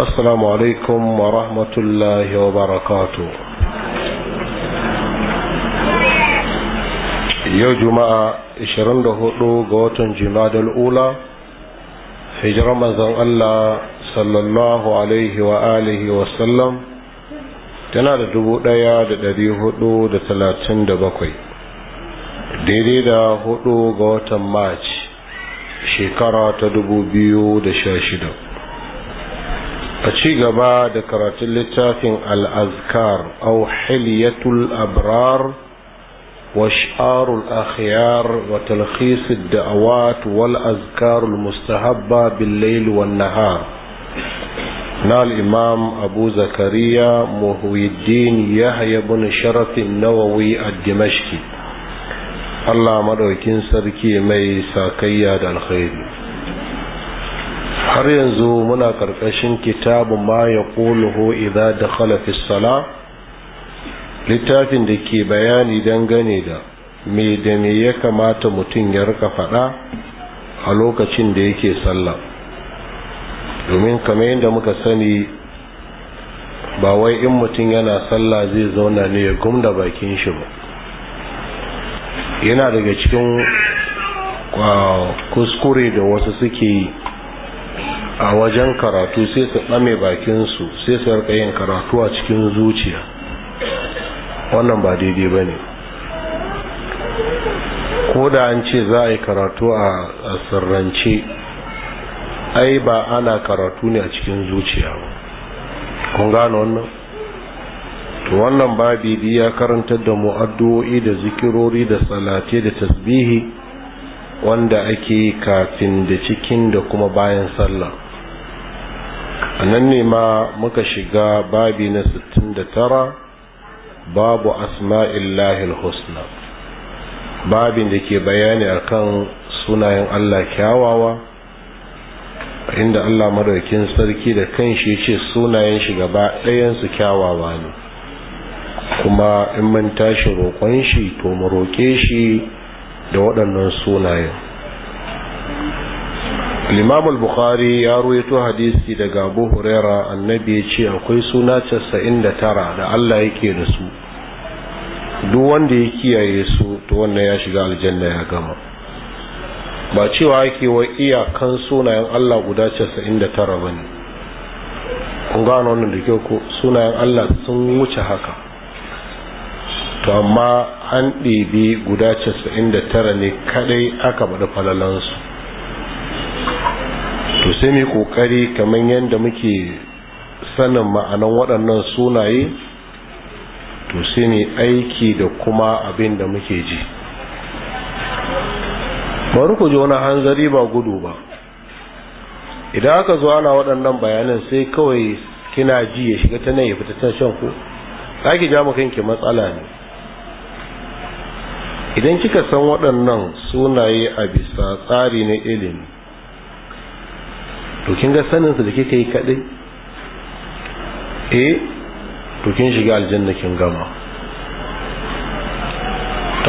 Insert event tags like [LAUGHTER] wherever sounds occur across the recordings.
السلام عليكم ورحمة الله وبركاته يوم جماعة 24 قوة جماد الأولى hijirar manzon Allah sallallahu alaihi wa alihi wa sallam tana da dubu ɗaya da ɗari hudu da talatin da bakwai daidai da hudu ga watan march shekara ta dubu biyu da sha shida أشي قبا ذكرت اللتافين الأذكار أو حلية الأبرار واشعار الأخيار وتلخيص الدعوات والأذكار المستحبة بالليل والنهار نال الإمام أبو زكريا مهوي الدين يحيى بن شرف النووي الدمشقي الله مدعوكين سركي مي ساكيا الخير har yanzu muna ƙarƙashin kitabu ma ya ƙuluhu idan da khalafis sala littafin da ke bayani gane da me da me ya kamata mutum ya rika faɗa a lokacin da yake sallah domin kamar yadda muka sani ba wai in mutum yana sallah zai zauna ne ya gumda bakin shi ba yana daga cikin ah, kuskure da wasu suke yi a wajen karatu sai su ɗame bakinsu sai su rika yin karatu a cikin zuciya wannan ba daidai ba ne ko da an ce za a yi karatu a sirrance ai ba ana karatu ne a cikin zuciya ba kun gano wannan to wannan bibi ya karantar da mu'adduoi da zikirori da salate da tasbihi wanda ake kafin da cikin da kuma bayan sallah a nan ne ma muka shiga babi na 69 babu asma'illahi husna babin da ke bayani akan sunayen Allah kyawawa inda Allah madaukin sarki da kanshi ya ce sunayen shi gaba ɗayansu kyawawa ne kuma in mun tashi roƙon shi to mu roƙe shi da waɗannan sunayen Limamul bukhari ya ruwaito hadisi daga abu huraira annabi ya ce akwai suna 99 da Allah yake da su duk wanda ya kiyaye su to wannan ya shiga aljanna ya gama ba cewa ake wa iyakan sunayen Allah guda 99 bane kun gano wannan da kyau ko sunayen Allah sun wuce haka to amma an ɗebi guda 99 ne kadai aka bada falalansu to sai mai kokari kamar yadda muke sanin ma'anan waɗannan sunaye to sai mai aiki da kuma abin da muke ji bari ku ji wani hanzari ba gudu ba idan aka zo ana waɗannan bayanan sai kawai kina ji ya shiga ta nan ya fita ta shan ku za ja mu kanki matsala ne idan kika san waɗannan sunaye a bisa tsari na ilimi to kin ga sanin su da kika yi kadai eh to kin shiga aljanna kin gama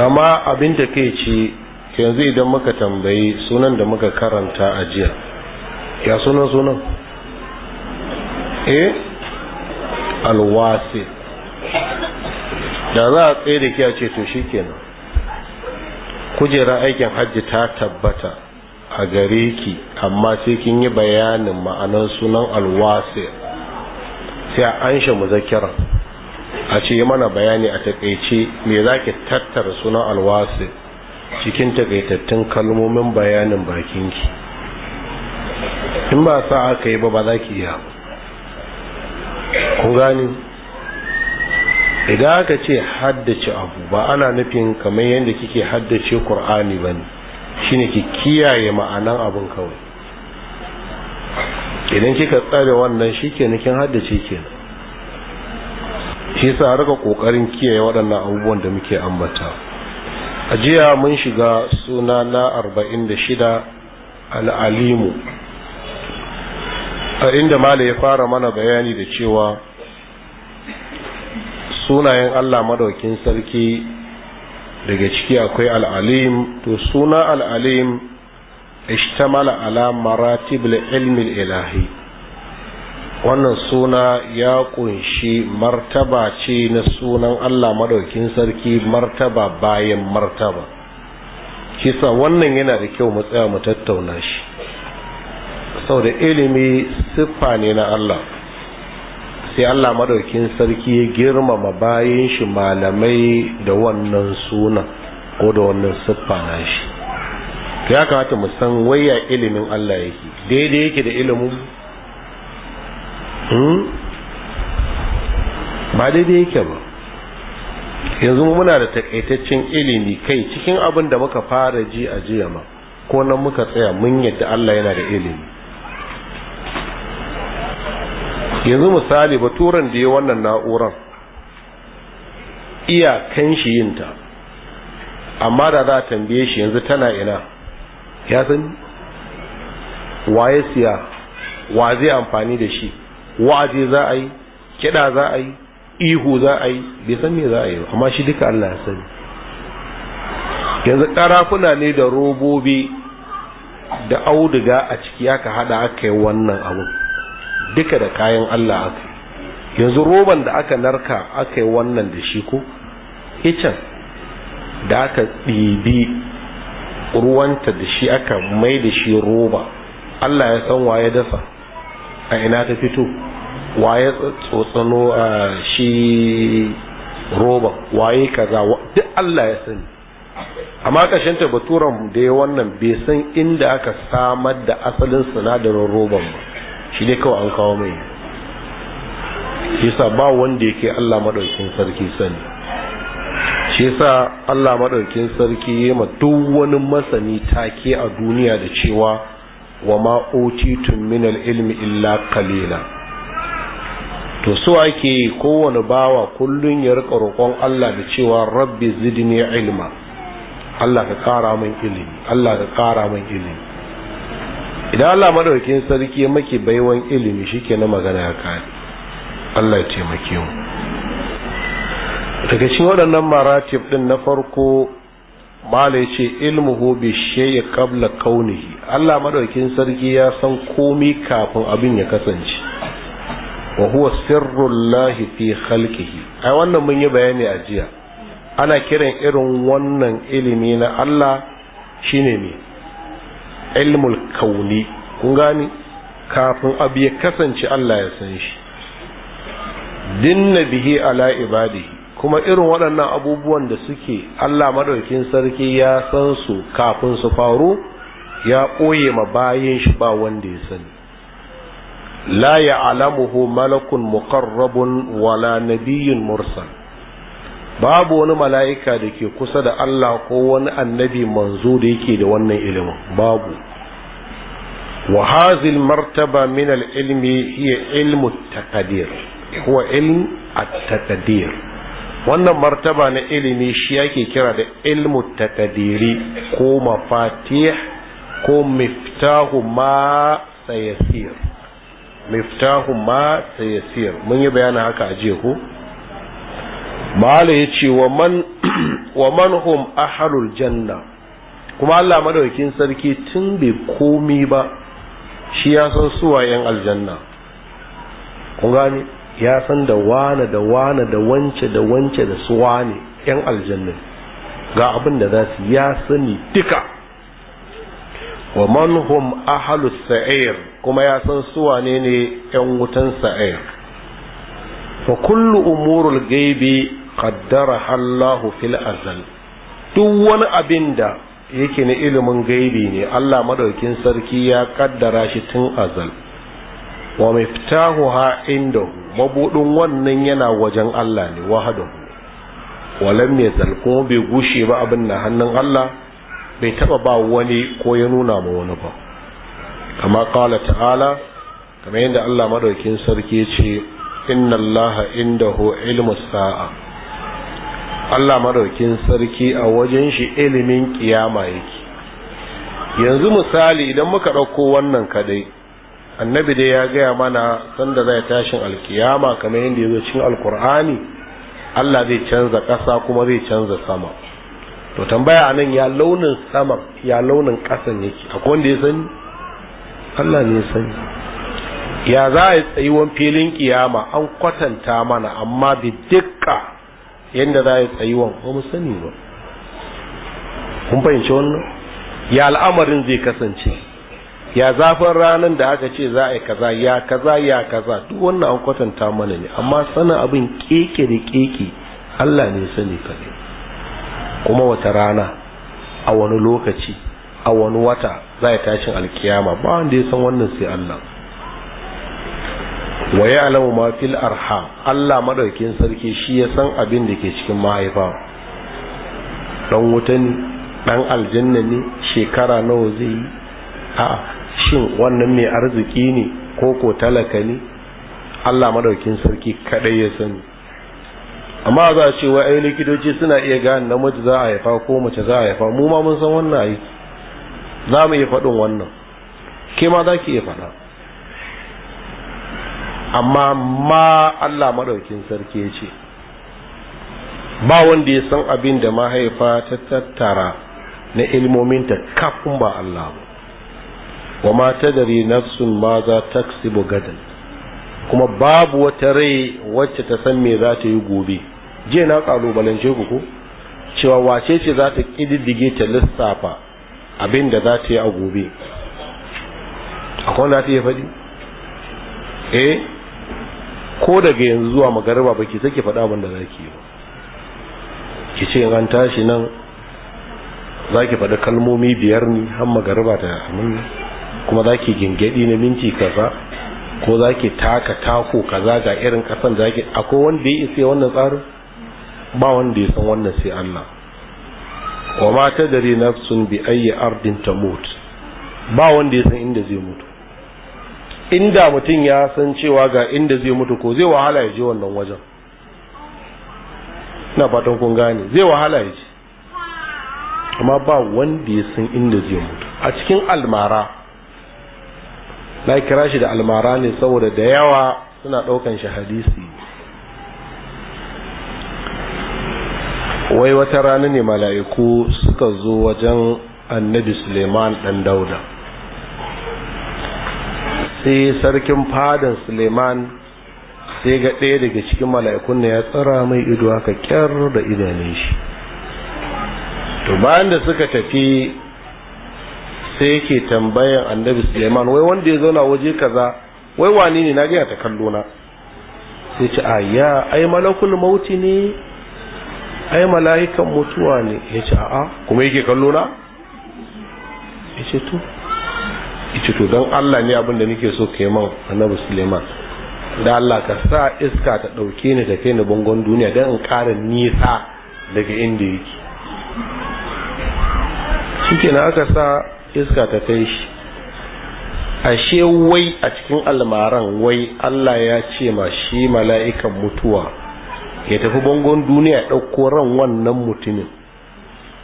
amma abin da kai ce yanzu idan muka tambayi sunan da muka karanta a jiya ya sunan sunan eh alwasi da za a tsaye da kiya ce to shikenan kujera aikin hajji ta tabbata a gare ki amma sai kin yi bayanin ma'anar sunan alwasi sai a anshe muzakkira a ce mana bayani a takaice me za ki tattara sunan alwasi cikin takaitattun kalmomin bayanin bakinki in ba sa aka yi ba ba za ki iya ku gani idan aka ce haddace abu ba ana nufin kamar yadda kike haddace qur'ani ba ne shine ki kiyaye ma'anan abin kawai idan kika tsare wannan shi ke nikin haddace kenan shi sa harka kokarin kiyaye waɗannan abubuwan da muke ambata a jiya mun shiga suna na 46 al'alimu a inda mala ya fara mana bayani da cewa sunayen Allah madaukin sarki daga ciki akwai al'alim to suna al'alim ishtamala ala maratib ilmi ilahi wannan suna ya kunshi martaba ce na sunan allah madaukin sarki martaba bayan martaba kisa wannan yana da kyau mu tsaya mu tattauna shi sau da ilimi siffa ne na allah sai Allah madaukin sarki ya girmama bayan shi malamai da wannan suna ko da wannan siffa na shi ya kamata mu san waya ilimin Allah yake daidai yake da ilimin hmm? ba daidai yake ba yanzu muna da takaitaccen ilimi kai cikin abin da muka fara ji a jiya ma ko nan muka tsaya mun yadda Allah yana da ilimi yanzu misali baturan da ya wannan na'uran kan shi yinta amma da za a tambaye shi yanzu tana ina ya sani waye siya wa zai amfani da shi wa'azi za a yi kiɗa za a yi ihu za a yi bai san me za a yi ba amma shi duka Allah ya sani yanzu ƙarafuna ne da robobi da auduga a ciki aka haɗa aka yi wannan abun duka da kayan Allah aka yanzu roban da aka narka aka yi wannan da shi ko icen da aka ɗibi ruwanta da shi aka mai da shi roba Allah ya san waye dasa a ina ta fito waye tsotsano a shi roba waye kaza duk Allah ya sani amma ta baturan da ya wannan bai san inda aka samar da asalin sinadarin roban ba shi ne kawai an kawo mai yasa ba wanda yake Allah maɗaukin sarki sani shi yasa Allah maɗaukin sarki ya ma duk wani masani take a duniya da cewa wa ma utitum min ilmi illa qalila to so ake kowane bawa kullum ya rika roƙon Allah da cewa rabbi zidni ilma Allah ka ƙara min ilimi Allah ka ƙara min ilimi idan Allah madaukakin sarki ya maki baiwan ilimi shike na magana ya kai Allah ya taimake mu daga cikin waɗannan maratib din na farko mala ya ce ilmuhu bi shay'i qabla kaunihi Allah madaukakin sarki ya san komai kafin abin ya kasance wa huwa sirrullahi fi khalqihi ai wannan mun yi bayani a jiya ana kiran irin wannan ilimi na Allah shine ne ilmul kauni kun gani kafin abu ya kasance Allah ya san shi dinna bihi ala ibadihi kuma irin waɗannan abubuwan da suke Allah madaukin sarki ya san su kafin su faru ya ɓoye ma bayan shi ba wanda ya sani la ya'lamuhu malakun muqarrabun wala nabiyyun mursal babu wani mala'ika da ke kusa da Allah ko wani annabi manzo da yake da wannan ilimin babu wa martaba min al iya ilmu taqdir huwa ilm a taqdir wannan martaba na ilimi shi yake kira da ilmu taqdiri ko mafatih ko miftahu ma sayasir miftahu ma sayasir mun yi bayanin haka a jiya ko mala ya ce wa man [CLEARS THROAT] hum janna kuma Allah madaukin sarki tun bai komi ba shi ya san suwa yan aljanna kun gane ya san da wane da wane da wance da wance da suwa ne yan aljanna ga abin da za su ya sani duka wa man hum ahalus sa'ir kuma ya san suwa ne yan wutan sa'ir fa kullu umurul gaibi qaddara Allahu fil azal duk wani abin da yake na ilimin gaibi ne Allah madaukin sarki ya kaddara shi tun azal wa ha inda mabudin wannan yana wajen Allah ne wahadahu walam yazal kuma bai gushe ba abin na hannun Allah bai taba ba wani ko ya nuna ma wani ba kama qala ta'ala kamar yadda Allah madaukin sarki ce inna Allah indahu ilmus sa'a Allah madaukin sarki a wajen shi ilimin kiyama yake yanzu misali idan muka ɗauko wannan kadai annabi dai ya gaya mana sanda zai tashin alkiyama kamar yadda ya zo cikin alkur'ani Allah zai canza ƙasa kuma zai canza sama to tambaya anan ya launin sama ya launin ƙasan yake akwai wanda ya sani Allah ne ya sani ya za a yi tsayuwan filin kiyama an kwatanta mana amma bi dukka yadda za a tsayi wan ba mu sani ba kun fahimci wannan ya al'amarin zai kasance ya zafin ranar da aka ce za a yi kaza ya kaza ya kaza duk wannan an kwatanta mana ne amma sanin abin keke da keke Allah ne sani kaɗai kuma wata rana a wani lokaci a wani wata za a tashin alkiyama ba wanda ya san wannan sai Allah wa alamu ma fil arha Allah madaukin sarki shi ya san abin da ke cikin mahaifa dan wuta ne dan aljanna ne shekara nawa zai yi a shin wannan mai arziki ne ko ko talaka ne Allah madaukin sarki kadai ya sani amma za a ce wa ai likitoci suna iya gane namiji za a haifa ko mace za a haifa mu ma mun san wannan ai za mu iya faɗin wannan ke ma za ki iya faɗa amma ma Allah maɗaukin sarki ya ce ba wanda ya san abin da mahaifa ta tattara na ta kafin ba Allah ba wa ma tadari nafsun ma za ta gadan kuma babu wata rai wacce ta san me za ta yi gobe je na kalubalance ku ko cewa wace ce za ta ƙididdige ta lissafa abin da za ta yi a gobe akwai wanda ta yi faɗi eh ko daga yanzu zuwa magariba ba ki sake faɗa abin za ki yi ba ki ce an tashi nan za ki faɗi kalmomi biyar ne har magariba ta yamin kuma za ki gingaɗi na minti kaza ko za ki taka tako kaza ga irin ƙasan za ki akwai wanda ya isa wannan tsarin ba wanda ya san wannan sai Allah wa ma tadri nafsun bi ayyar ardin tamut ba wanda ya san inda zai mutu inda mutum ya san cewa ga inda zai mutu ko zai wahala ya je wannan wajen na fatan kun gane zai wahala ya je amma ba wanda ya san inda zai mutu a cikin almara na kira shi da almara ne saboda da yawa suna ɗaukan shi hadisi wai wata rana ne mala'iku suka zo wajen annabi suleiman Dan dauda sai sarkin fadan suleiman sai ga ɗaya daga cikin mala'ikun ne ya tsara mai ido haka kyar da idanun shi to bayan da suka tafi sai yake tambayan annabi suleiman wai wanda ya zauna waje kaza wai wani ne na gina ta kallo na sai ce a ya ai malakul mauti ne ai mala'ikan mutuwa ne ya ce a'a kuma yake kallo na ya ce to ita to don Allah ne abin da nake so kai man annabi Suleiman da Allah ka sa iska ta dauke ni ta kai ni bangon duniya dan in ƙara nisa daga inda yake na aka sa iska ta kai shi ashe wai a cikin almaran wai Allah ya ce ma shi mala'ikan mutuwa ya tafi bangon duniya ya ɗauko ran wannan mutumin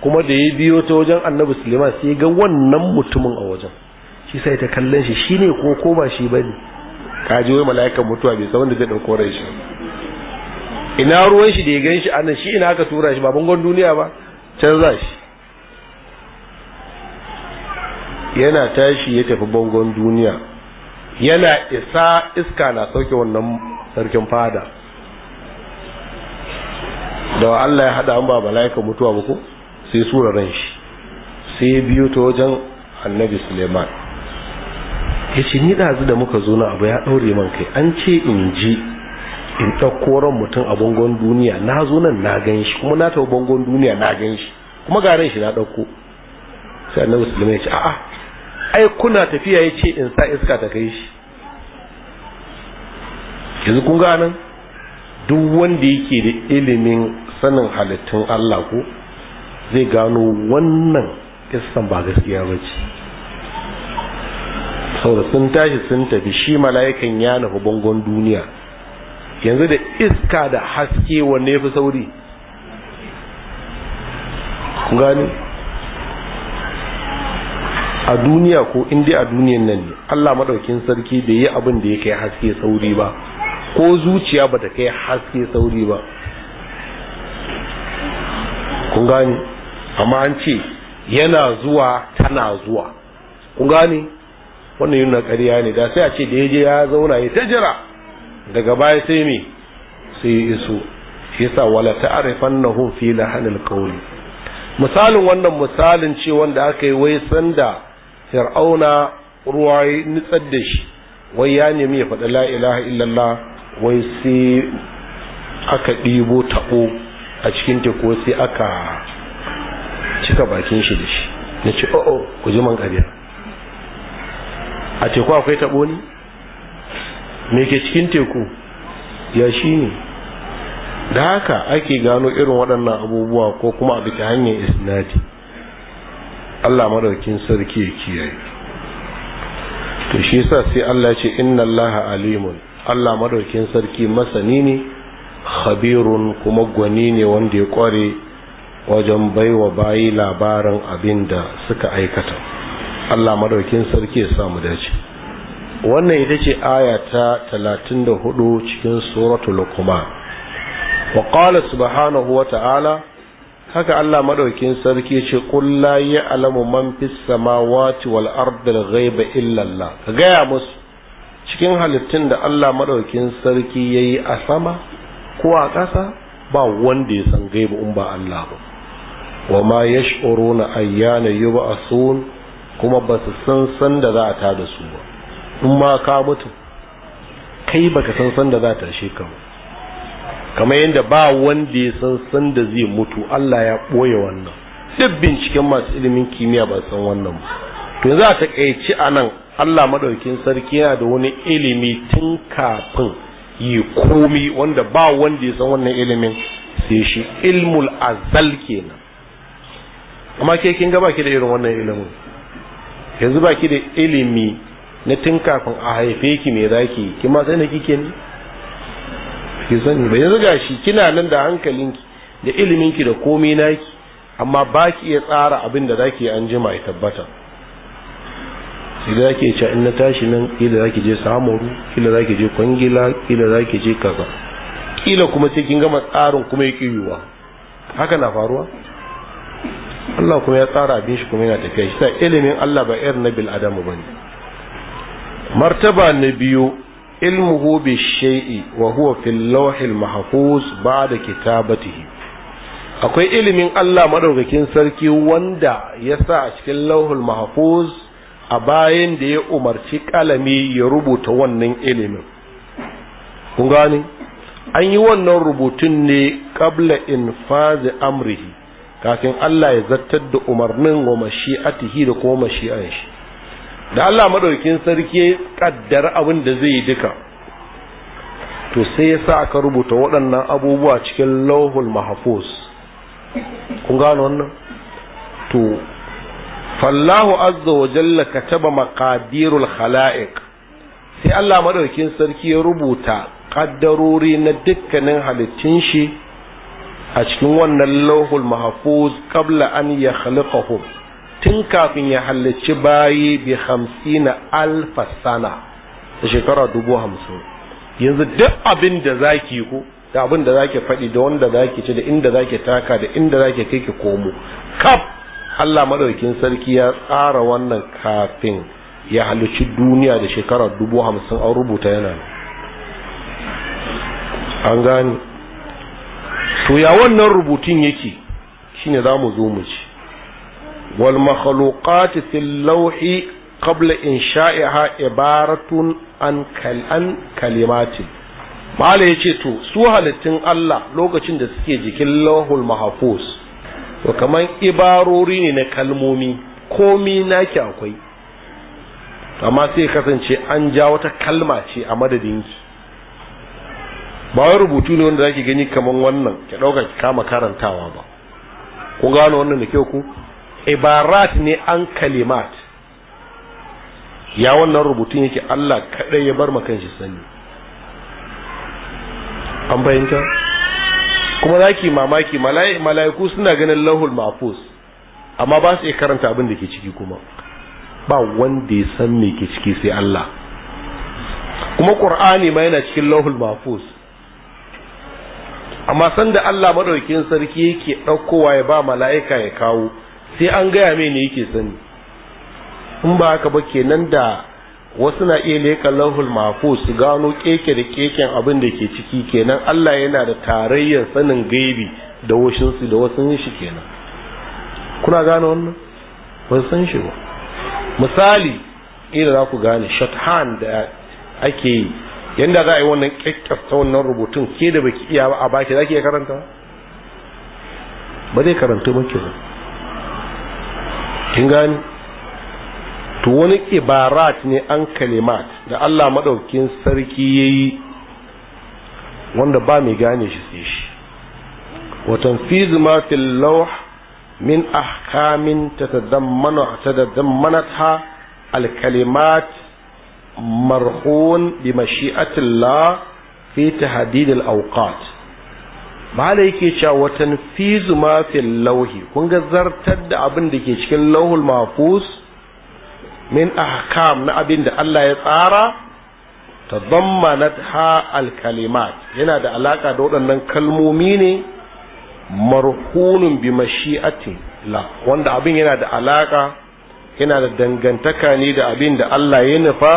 kuma da ya biyo ta wajen annabi suleiman sai ga wannan mutumin a wajen shi sai ta kallon shi shine ko ko ba shi bane ka ji wai mala'ikan mutuwa bai san wanda zai dauko rai shi ina ruwan shi da ya ganshi anan shi ina aka tura shi ba bangon duniya ba canza shi yana tashi ya tafi bangon duniya yana isa iska na sauke wannan sarkin fada da Allah ya hada an ba mala'ikan mutuwa ba ko sai sura ran shi sai biyo ta wajen annabi Suleiman ya ce ni ɗazu da muka zo na abu ya ɗaure man kai an ce in ji in ɗauko ran mutum a bangon duniya na zo nan na gan kuma na taɓa bangon duniya na gan kuma ga shi na ɗauko sai annabi sulaiman ya ce a'a ai kuna tafiya ya ce in sa iska ta kai shi yanzu kun ga duk wanda yake da ilimin sanin halittun Allah ko zai gano wannan kissan ba gaskiya ba ce saboda sun tashi sun tafi shi mala'ikan ya nufi bangon duniya yanzu da iska da haske wanne fi sauri gani a duniya ko inda a duniyan nan ne allah maɗaukin sarki bai yi abin da ya kai haske sauri ba ko zuciya ba ta kai haske sauri ba kun gani amma an ce yana zuwa tana zuwa kun gani wannan yana ƙarya ne da sai a ce da ya je ya zauna ya ta jira daga baya sai me sai ya iso shi yasa wala ta'rifannahum fi lahanil qawli misalin wannan misalin ce wanda aka yi wai sanda fir'auna ruwa ya nitsar da shi wai ya nemi ya faɗa la ilaha illallah wai sai aka ɗibo taɓo a cikin teku sai aka cika bakin shi da shi na ce o'o oh, oh, ku ji man ƙarya a teku akwai taɓo ne me ke cikin teku ya shi ne da haka ake gano irin waɗannan abubuwa ko kuma a bisa hanyar isnadi Allah madaukin sarki ya kiyaye to shi sa sai Allah ce inna Allah alimun Allah madaukin sarki masani ne khabirun kuma gwani ne wanda ya kware wajen baiwa bayi labarin abin da suka aikata Allah madaukin sarki ya samu dace wannan ita ce aya ta 34 cikin suratul luqman wa qala subhanahu wa ta'ala haka Allah madaukin sarki ya ce qul la ya'lamu man fis samawati wal ardi al ghaiba illa Allah ka gaya musu cikin halittun da Allah madaukin sarki yayi a sama ko a ƙasa ba wanda ya san gaibu in ba Allah ba wa ma yash'uruna ayyana yub'asun kuma ba su san san da za a ta da su ba in ma ka mutu kai baka san san da za ta tashe ka ba kamar yadda ba wanda ya san san da zai mutu Allah ya ɓoye wannan duk binciken masu ilimin kimiyya ba san wannan ba to yanzu a takaici a nan Allah maɗaukin sarki yana da wani ilimi tun kafin yi komi wanda ba wanda ya san wannan ilimin sai shi ilmul azal kenan amma ke kin gaba ki da irin wannan ilimin yanzu baki da ilimi na tun kafin a haife ki me zaki ki ma sai na kike ne ki sani ba yanzu gashi kina nan da hankalinki da iliminki da komai naki amma baki ya iya tsara abin da zaki an jima ya tabbata sai da zaki ce in na tashi nan kila zaki je samuru kila zaki je kwangila kila zaki je kaza kila kuma sai kin gama tsarin kuma ya kiyuwa haka na faruwa Allah kuma ya tsara bin shi kuma yana tafiya shi sai ilimin Allah ba irin na bil adamu bane martaba na biyu ilmuhu bi shay'i wa huwa fil lawhil mahfuz ba'da kitabatihi akwai ilimin Allah madaukakin sarki wanda ya sa a cikin lawhul mahfuz a bayan da ya umarci kalami ya rubuta wannan ilimin kun gani an yi wannan rubutun ne qabla fazi amrihi kafin Allah ya zartar da umarnin wa mashi'atihi da kuma mashi'an shi da Allah madaukin sarki ya kaddar abin da zai yi duka to sai ya sa aka rubuta waɗannan abubuwa cikin lauhul mahfuz kun gano wannan to fallahu azza wa jalla kataba maqadirul khalaiq sai Allah madaukin sarki ya rubuta kaddarori na dukkanin halittun shi a cikin wannan lauhul mahfuz qabla an ya khalaqahum tun kafin ya halicci bayi bi hamsina alfa sana da shekara dubu hamsin yanzu duk abin da zaki ku da abin da zaki faɗi da wanda zaki ci da inda zaki taka da inda zaki kai ki komo kaf Allah madaukin sarki ya tsara wannan kafin ya halicci duniya da shekara dubu hamsin an rubuta yana an gani to ya wannan rubutun yake shine zamu zo mu ci wal makhluqat fil lawhi qabla insha'iha ibaratun an an kalimati mala yace to su halittun Allah lokacin da suke jikin lawhul mahfuz to kaman ibarori ne na kalmomi komi naki akwai amma sai kasance an ja wata kalma ce a madadin ki. ba wai rubutu ne wanda zaki gani kaman wannan ki dauka ki kama karantawa ba ku gano wannan da kyau ku ibarat ne an kalimat ya wannan rubutun yake Allah kadai ya bar maka shi sani an bayyanta kuma zaki mamaki mala'iku suna ganin lahul mahfuz amma ba su iya karanta abin da ke ciki kuma ba wanda ya san me ke ciki sai Allah kuma Qur'ani ma yana cikin lahul mahfuz amma da Allah madaukin sarki yake ɗaukowa ya ba mala'ika ya kawo sai an gaya mai ne yake sani in ba haka ba kenan da wasu na iya leƙa lahul mafu su gano keke da keken abin da ke ciki kenan Allah yana da tarayyar sanin gaibi da washinsu da wasu shi kenan kuna gano wannan ba san shi ba misali ila za ku gane han da ake yi yanda za a yi wannan kyakkyafa wannan rubutun ke da baki iya ba a baki za ki iya karanta ba zai karanta ba ke ba kin gani to wani ibarat ne an kalimat da Allah maɗaukin sarki ya yi wanda ba mai gane shi sai shi wa tanfiz ma fil lawh min ahkamin tatadammanu tatadammanatha al kalimat marhun bi mashi'atillah fi tahdid al-awqat mala yake cewa watan fizu ma fil lauhi kun ga zartar da abin da ke cikin lawhul mahfuz min ahkam na abin da Allah ya tsara ha al-kalimat yana da alaka da waɗannan kalmomi ne marhunun bi mashi'ati la wanda abin yana da alaka yana da dangantaka ne da abin da Allah ya nufa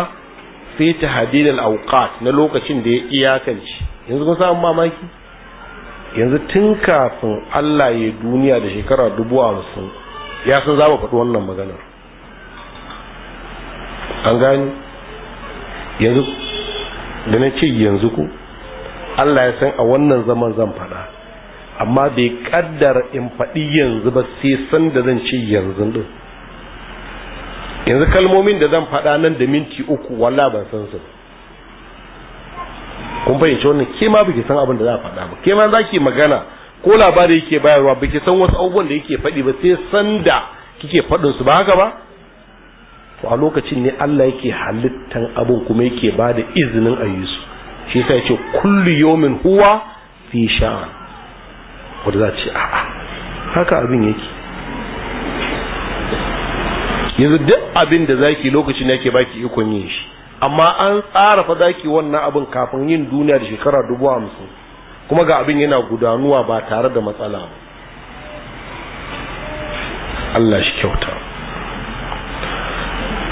fi tahdidil awqat na lokacin da ya iyakance yanzu kun samu mamaki yanzu tun kafin Allah ya duniya da shekara 250 ya san za mu faɗi wannan maganar an gani yanzu da na ce yanzu ku Allah ya san a wannan zaman zan faɗa amma bai kaddara in faɗi yanzu ba sai san da zan ce yanzu din yanzu kalmomin da zan faɗa nan da minti uku walla ban san su kun fahimci wannan ke ma biki san abin da za a faɗa ba ke ma za ki magana ko labari yake bayarwa biki san wasu abubuwan da yake faɗi ba sai sanda kike faɗin su ba haka ba to a lokacin ne Allah yake halittan abin kuma yake ba da izinin a yi su shi yasa yace kullu yawmin huwa fi sha'an wanda za ce a'a haka abin yake yanzu duk abin da zaki lokacin yake baki ikon yin shi amma an tsara fa zaki wannan abin kafin yin duniya da shekara dubu hamsin kuma ga abin yana gudanuwa ba tare da matsala ba Allah shi kyauta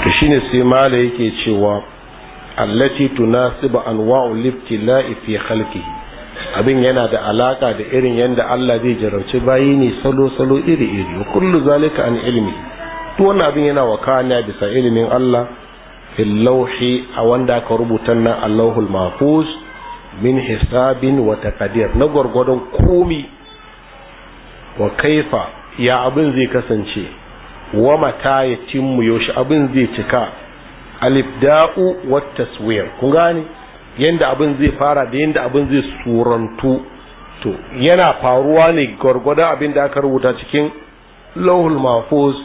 to shine sai mala yake cewa allati tunasiba anwa'u liftila'i fi khalqihi abin yana da alaka da irin yanda Allah zai jarabci bayi ne salo salo iri iri kullu zalika an ilmi duk wannan abin yana kana bisa ilimin Allah fil lawhi a wanda aka rubuta nan Allahul Mahfuz min hisabin wa taqdir na gwargwadon komi wa kaifa ya abin zai kasance wa mata ya timmu yaushe abin zai cika alif da'u wa taswir kun gane yanda abin zai fara da yanda abin zai surantu to yana faruwa ne gwargwadon abin da aka rubuta cikin lawhul mahfuz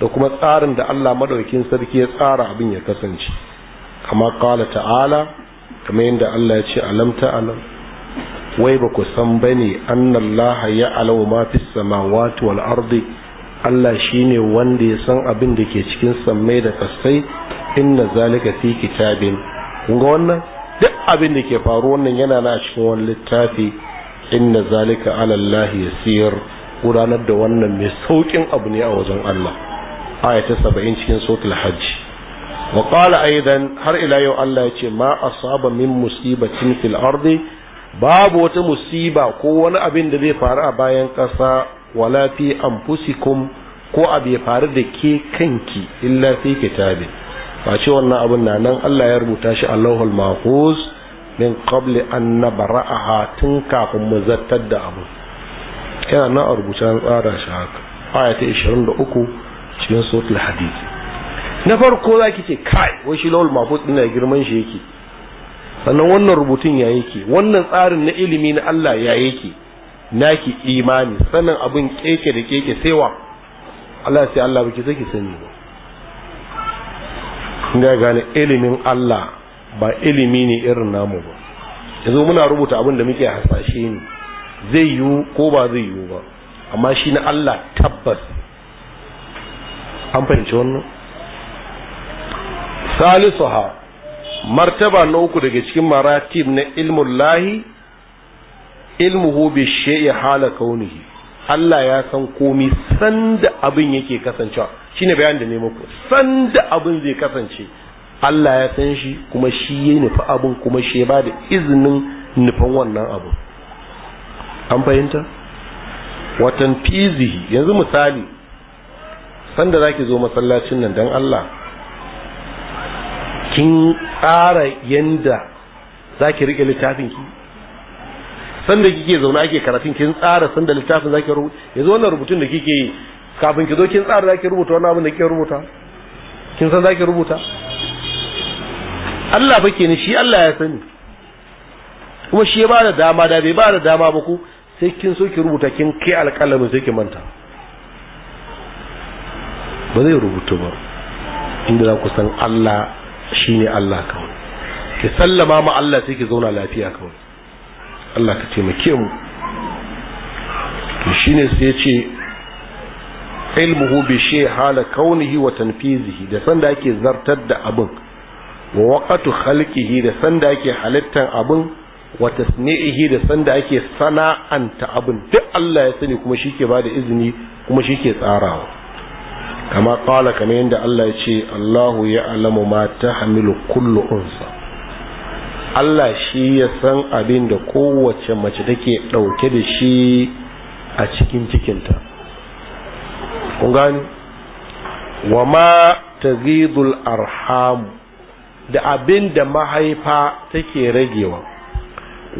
da kuma tsarin da Allah maɗaukin sarki ya tsara abin ya kasance kama kala ta'ala kamar yadda Allah ya ce alam ta'alam wai ba ku san bane annallaha ya alawa ma fi samawati wal ardi Allah shine wanda ya san abin da ke cikin sammai da kasai inna zalika fi kitabin kun ga wannan duk abin da ke faru wannan yana na cikin wani littafi inna zalika ala Allah yasir gudanar da wannan mai saukin abu ne a wajen Allah aya ta 70 cikin suratul hajj wa qala aidan har ila yau Allah ya ce ma asaba min musibatin fil ardi babu wata musiba ko wani abin da zai faru a bayan ƙasa wala fi anfusikum ko a bai faru da ke kanki illa fi kitabi ba ce wannan abin na nan Allah ya rubuta shi Allahul mahfuz min qabli an nabra'aha tun kafin mu zartar da abu yana nan a rubuta an tsara shi haka aya 23 cikin sotul hadisi na farko za ki ce kai wai shi lawal mafus ina girman shi yake sannan wannan rubutun ya yake wannan tsarin na ilimi na Allah ya yake naki imani sannan abin keke da keke saiwa Allah sai Allah baki ki sani ba ga gane ilimin Allah ba ilimi ne irin namu ba yanzu muna rubuta abin da muke hasashe ne zai yiwu ko ba zai yiwu ba amma shi na Allah tabbas an fahimci wannan salisuha martaba na uku daga cikin maratib na ilmun lahi ilmuhu bi shay'i hala kaunihi Allah ya san komi sanda abin yake kasancewa shine bayan da ne muku sanda abin zai kasance Allah ya san shi kuma shi ya nufi abin kuma shi ya bada izinin nufin wannan abin an fahimta watan fizihi yanzu misali sanda za ki zo masallacin nan don Allah kin ƙara yanda za ki riƙe littafin ki sanda kike zaune ake karatun kin tsara sanda littafin za ki rubuta yanzu wannan rubutun da kike yi kafin ki zo kin tsara za ki rubuta wani abin da kike rubuta kin san za ki rubuta Allah ba ke ni shi Allah ya sani kuma shi ya ba da dama da bai ba da dama ba ku sai kin so ki rubuta kin kai alƙalamin sai ki manta ba zai rubutu ba inda za ku san Allah shi ne Allah kawai ki sallama ma Allah sai ki zauna lafiya kawai Allah ka taimake mu shi ne sai ya ce ilmuhu bi shi hala kaunihi wa tanfizihi da sanda ake zartar da abin wa waqatu khalqihi da sanda ake halittar abin wa tasni'ihi da sanda ake sana'anta abin duk Allah ya sani kuma shike bada izini kuma shike tsarawa kama kala kamar yadda Allah ya ce Allahu ya alamu ma ta hamilu kullu unsa Allah shi ya san abin da kowace mace take ɗauke da shi a cikin cikinta kun gani wa ma tazidul arhamu da abin da mahaifa take ragewa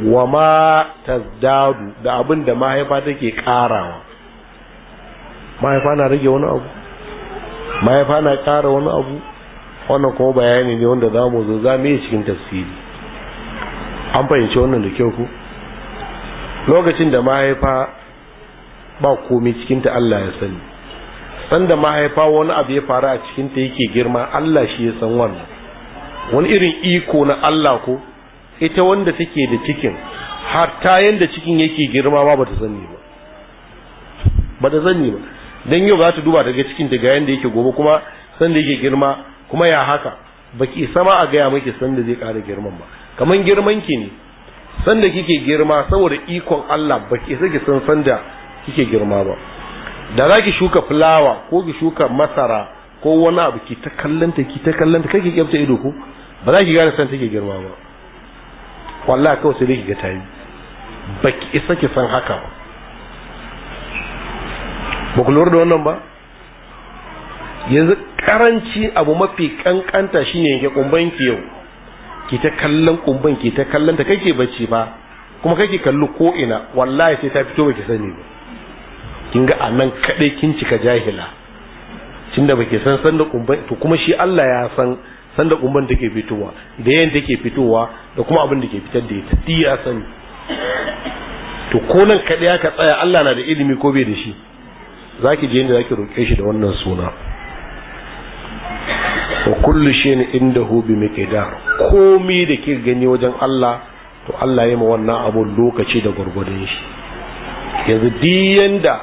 wa ma tazdadu da abin da mahaifa take karawa mahaifa na rage wani abu mahaifa na ƙara wani abu wannan kuma bayani ne wanda za mu zo za mu yi cikin tafsiri an fahimci wannan da kyau ku lokacin da mahaifa ba komai cikinta Allah ya sani sanda mahaifa wani abu ya faru a cikinta yake girma Allah shi ya san wannan wani irin iko na Allah ko ita wanda take da cikin hatta yanda cikin yake girma ba ta sani ba ba ta sani ba dan yau za ta duba daga cikin daga yanda yake gobe kuma san da yake girma kuma ya haka baki sama a gaya miki san da zai ƙara girman ba kamar girman ki ne san da kike girma saboda ikon Allah baki ki san san da kike girma ba da za ki shuka fulawa ko ki shuka masara ko wani abu ki ta kallanta ki ta kallanta kai ki kyamta ido ko ba za ki gane san take girma ba wallahi kawai sai dai ki ga tayi baki isa ki san haka ba ba ku lura da wannan ba yanzu karanci abu mafi kankanta shine yanke kumban ki yau ki ta kallon kumban ki ta kallon ta kake bacci ba kuma kake kallo ko ina wallahi sai ta fito baki sani ba kin ga anan kadai kin cika jahila tunda baki san san da kumban to kuma shi Allah ya san san da kumban take fitowa da yayin take fitowa da kuma abin da ke fitar da ita ya sani to ko nan kadai aka tsaya Allah na da ilimi ko bai da shi za ki je inda za ki roƙe shi da wannan suna wa kullu ne inda hu bi da komai da ke gani wajen Allah to Allah ya ma wannan abun lokaci da gurgudun shi yanzu diyan da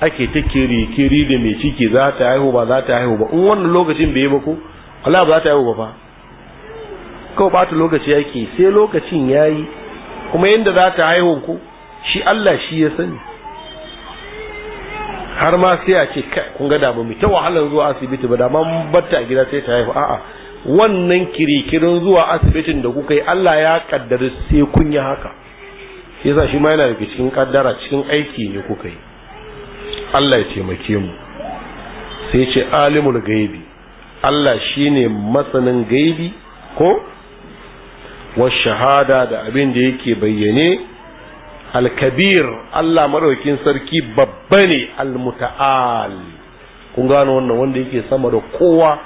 ake ta kiri kiri da mai ciki za ta haihu ba za ta haihu ba in wannan lokacin bai yi ba ko Allah ba za ta haihu ba fa kawai ba ta lokaci yake sai lokacin ya yi kuma yanda za ta haihu ko shi Allah shi ya sani har ma sai a ce kun ga da ba mu ta wahalar zuwa asibiti ba da ma batta a gida sai ta haihu a'a wannan kirikirin zuwa asibitin da kuka yi Allah ya kaddara sai kun yi haka yasa shi ma yana da cikin kaddara cikin aiki ne kuka yi Allah ya taimake mu sai ce alimul gaibi Allah shine masanin gaibi ko wa shahada da abin da yake bayyane alkabir Allah maɗaukin sarki babba ne almuta'al kun gano wannan wanda yake sama da kowa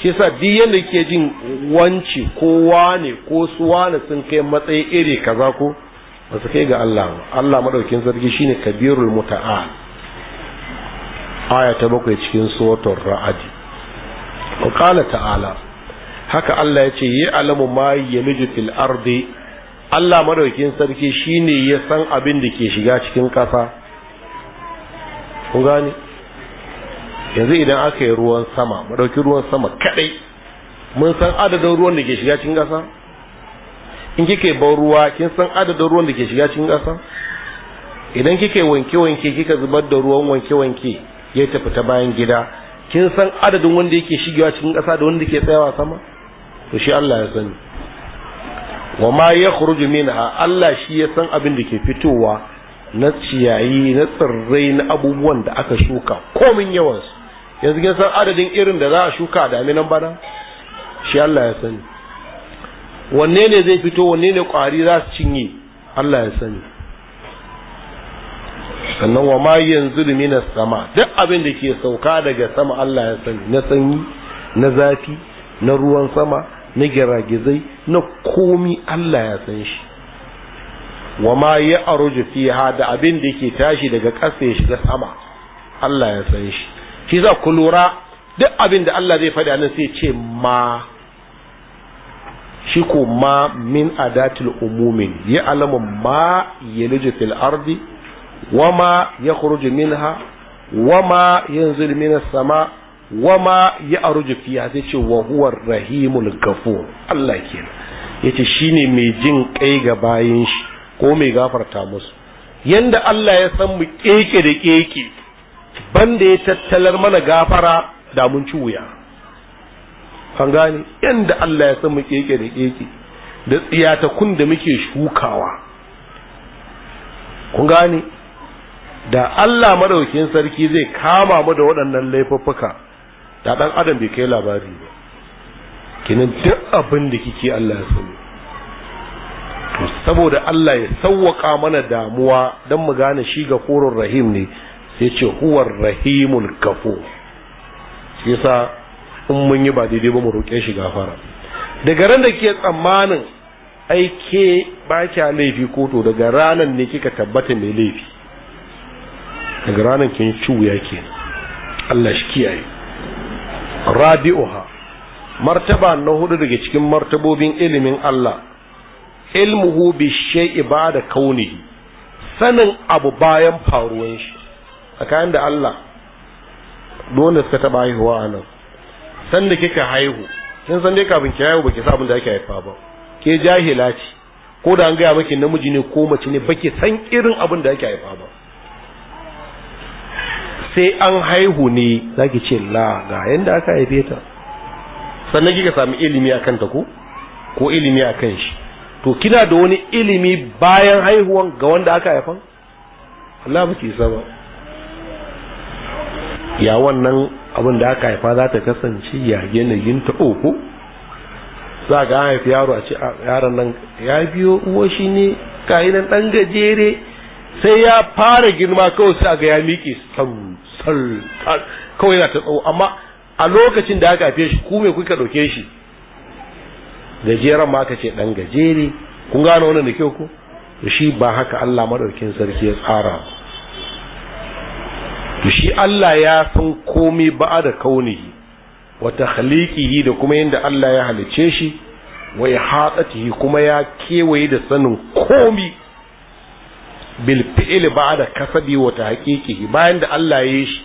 shi yasa duk yanda yake jin wanci kowa ne ko suwa ne sun kai matsayi iri kaza ko ba kai ga Allah Allah maɗaukin sarki shine kabirul muta'al aya ta bakwai cikin suratul ra'd wa ta'ala haka Allah ya ce ya alamu ma yamiju fil ardi Allah madaukin sarki shine ya san abin da ke shiga cikin ƙasa kun gane yanzu idan aka yi ruwan sama madauki ruwan sama kadai mun san adadin ruwan da ke shiga cikin ƙasa in kike ban ruwa kin san adadin ruwan da ke shiga cikin ƙasa idan kike wanke-wanke kika zubar da ruwan wanke-wanke ya tafi ta bayan gida kin san adadin wanda yake shigewa cikin ƙasa da wanda ke tsayawa sama to shi Allah ya sani wa ma ya minha Allah shi ya san abin da ke fitowa na ciyayi na tsirrai na abubuwan da aka shuka komin yawansu yanzu kin san adadin irin da za a shuka a daminan bana shi Allah ya sani wanne ne zai fito wanne ne kwari za su cinye Allah ya sani sannan wa ma yanzu minas sama duk abin da ke sauka daga sama Allah ya sani na sanyi na zafi na ruwan sama na giragizai na komi Allah ya san shi wa ma ya aruju fi da abin da yake tashi daga ƙasa ya shiga sama Allah ya san shi shi za ku lura duk abin da Allah zai faɗi nan sai ce ma shi ko ma min adatil umumin ya alamu ma ya yaliju fil ardi wa ma ya min minha wa ma yanzu minas sama' wama ya aruju fiya zai ce wa huwa rahimul gafur Allah kenan yace shine mai jin kai ga bayin shi ko mai gafarta musu yanda Allah ya san mu keke da keke banda ya tattalar mana gafara da mun ci wuya kan gane yanda Allah ya san mu keke da keke da kun da muke shukawa kun gane da Allah madaukin sarki zai kama mu da waɗannan laifuffuka da dan adam bai kai labari ba kinan duk abin da kike Allah ya sani saboda Allah ya sawwaka mana damuwa dan mu gane shi ga gafurur rahim ne sai ce huwar rahimul kafo yasa in mun yi ba daidai ba mu roƙe shi gafara daga ran da ke tsammanin aike ba kya laifi ko to daga ranan ne kika tabbata mai laifi daga ranan kin ciwo yake Allah shi kiyaye rabi'uha martaba na hudu daga cikin martabobin ilimin Allah ilmuhu bi shay'i bada kaunihi sanin abu bayan faruwan shi tsakanin da Allah dole suka taba haihuwa a nan san da kika haihu kin san dai kafin ki haihu baki sa abin da ake haifa ba ke jahila ce ko da an gaya maki namiji ne ko mace ne baki san irin abin da ake haifa ba sai an haihu ne zaki ce la ga yanda aka haife ta sannan kika sami ilimi akan ta ko ko ilimi akan shi to kina da wani ilimi bayan haihuwan ga wanda aka haifan Allah ba ki saba ya wannan abin da aka haifa za ta kasance ya yanayin ta oho za ga haifi yaro a ce yaron nan ya biyo uwa shi ne yi nan dan gajere sai ya fara girma kawai sai ga ya miƙe sal kawai yana ta tsawo amma a lokacin da aka fiye shi ku me kuka ɗauke shi gajeren ma aka ce ɗan gajere kun gane wannan da kyau ko shi ba haka Allah maɗaukin sarki ya tsara to shi Allah ya san komai ba da kaunihi wata takhliqihi da kuma yanda Allah ya halice shi wa ihatatihi kuma ya kewaye da sanin komai bil fi'li ba'da kasabi wata haƙiƙi bayan da Allah ya yi shi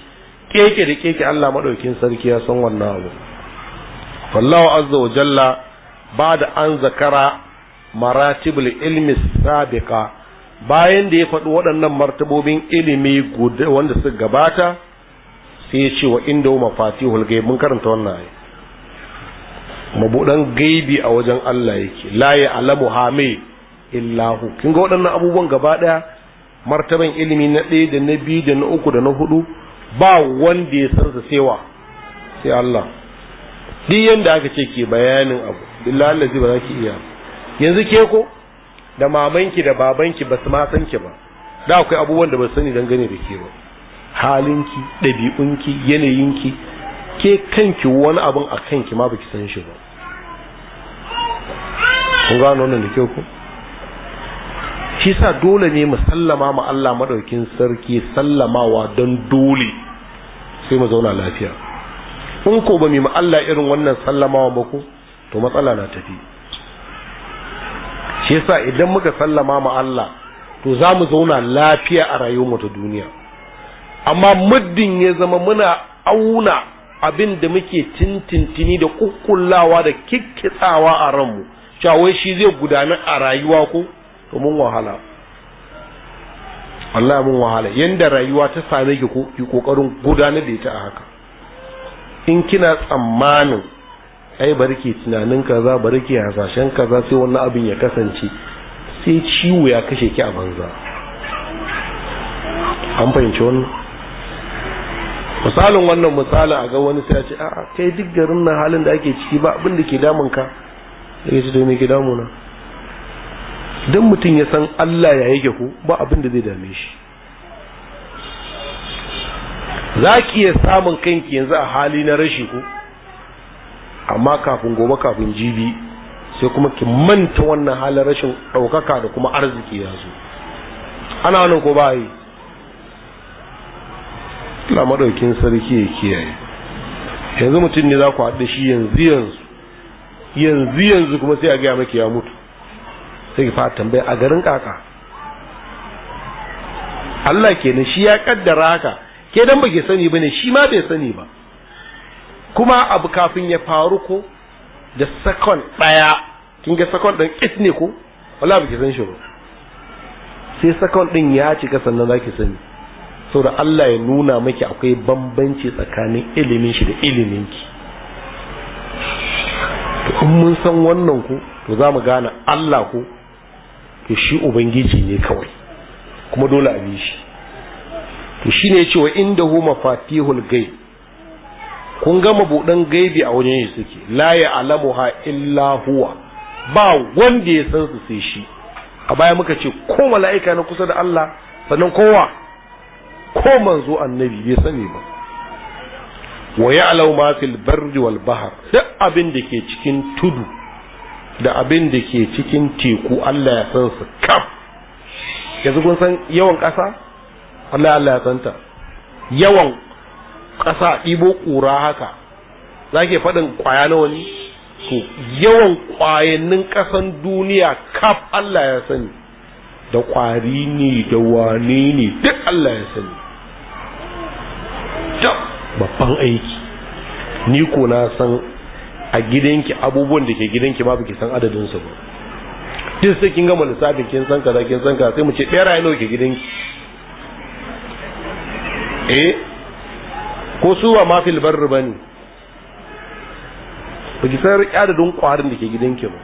keke da keke Allah madaukin sarki ya san wannan abu wallahu azza wa jalla ba'da an zakara maratibul ilmi sabiqa bayan da ya faɗi waɗannan martabobin ilimi wanda suka gabata sai ya ce wa inda wa mun karanta wannan ayi mabudan gaibi a wajen Allah yake la ya alamu hame illahu kin ga waɗannan abubuwan gaba ɗaya martaban ilimi na ɗaya da na biyu da na uku da na hudu ba wanda ya san sa sewa sai Allah duk yadda aka ce ke bayanin abu billahi zai ba za ki iya yanzu ke ko da mamanki da babanki ba su ma san ki ba da akwai abubuwan da ba sani dangane da ke ba halinki ɗabi'unki yanayinki ke kanki wani abun a kanki ma baki san shi ba kun gano wannan da ke ko shi sa dole ne mu sallama ma Allah madaukin sarki sallamawa don dole sai mu zauna lafiya in ko ba mu Allah irin wannan sallamawa ba ko to matsala na tafi shi sa idan muka sallama ma Allah to za mu zauna lafiya a rayuwar mu ta duniya amma muddin ya zama muna auna abin da muke tintintini da kukkullawa da kikkitsawa a ranmu cewa shi zai gudana a rayuwa ko to mun wahala Allah mun wahala yanda rayuwa ta same ki ko ki kokarin gudanar da ita a haka in kina tsammanin ai barke tunanin kaza za barke hasashen kaza sai wannan abin ya kasance sai ciwo ya kashe ki a banza an fahimci wannan misalin wannan misali a ga wani sai ce a'a kai duk garin nan halin da ake ciki ba abin da ke damun ka ke ce to me ke damuna don mutum ya san Allah ya yake ku ba abin da zai dame shi za ki iya samun kanki yanzu a hali na rashi ku amma kafin gobe kafin jibi sai kuma ki manta wannan halin rashin ɗaukaka da kuma arziki ya zo ana wani ko ba yi maɗaukin sarki ya kiyaye yanzu mutum ne za ku haɗa shi yanzu yanzu yanzu kuma sai a gaya maki ya mutu sai ki fara tambaya a garin kaka Allah kenan shi ya kaddara haka ke dan baki sani bane shi ma bai sani ba kuma abu kafin ya faru ko da sakon daya kin ga sakon din kit ne ko wallahi baki san shi ba sai sakon din ya cika sannan zaki sani saboda Allah ya nuna maki akwai bambanci tsakanin ilimin shi da ilimin ki to in mun san wannan ku to za mu gane Allah ku to shi ubangiji ne kawai kuma dole a bi shi to shi ne cewa inda hu mafatihul gai kun gama buɗan gaibi a wajen shi suke la ya alamuha illa huwa ba wanda ya san su sai shi a baya muka ce ko mala'ika na kusa da Allah sannan kowa ko manzo annabi bai sani ba wa ya'lamu ma fil barri wal bahr duk abin da ke cikin tudu da abin da ke cikin teku Allah ya san su kaf yanzu kun san yawan ƙasa Allah Allah ya santa yawan ƙasa ɗibo ƙura haka za ke faɗin ƙwaya na wani to yawan ƙwayannin ƙasan duniya kaf Allah ya sani da ƙwari ne da wane ne duk Allah ya sani babban aiki ni ko na san a gidanki abubuwan da ke gidanki ma baki san adadin su ba duk sai kin gama lissafin kin san kaza kin san kaza sai mu ce beraye nawa ke gidanki eh ko su ba ma fil barri bane ba ki san adadin kwarin da ke gidanki ba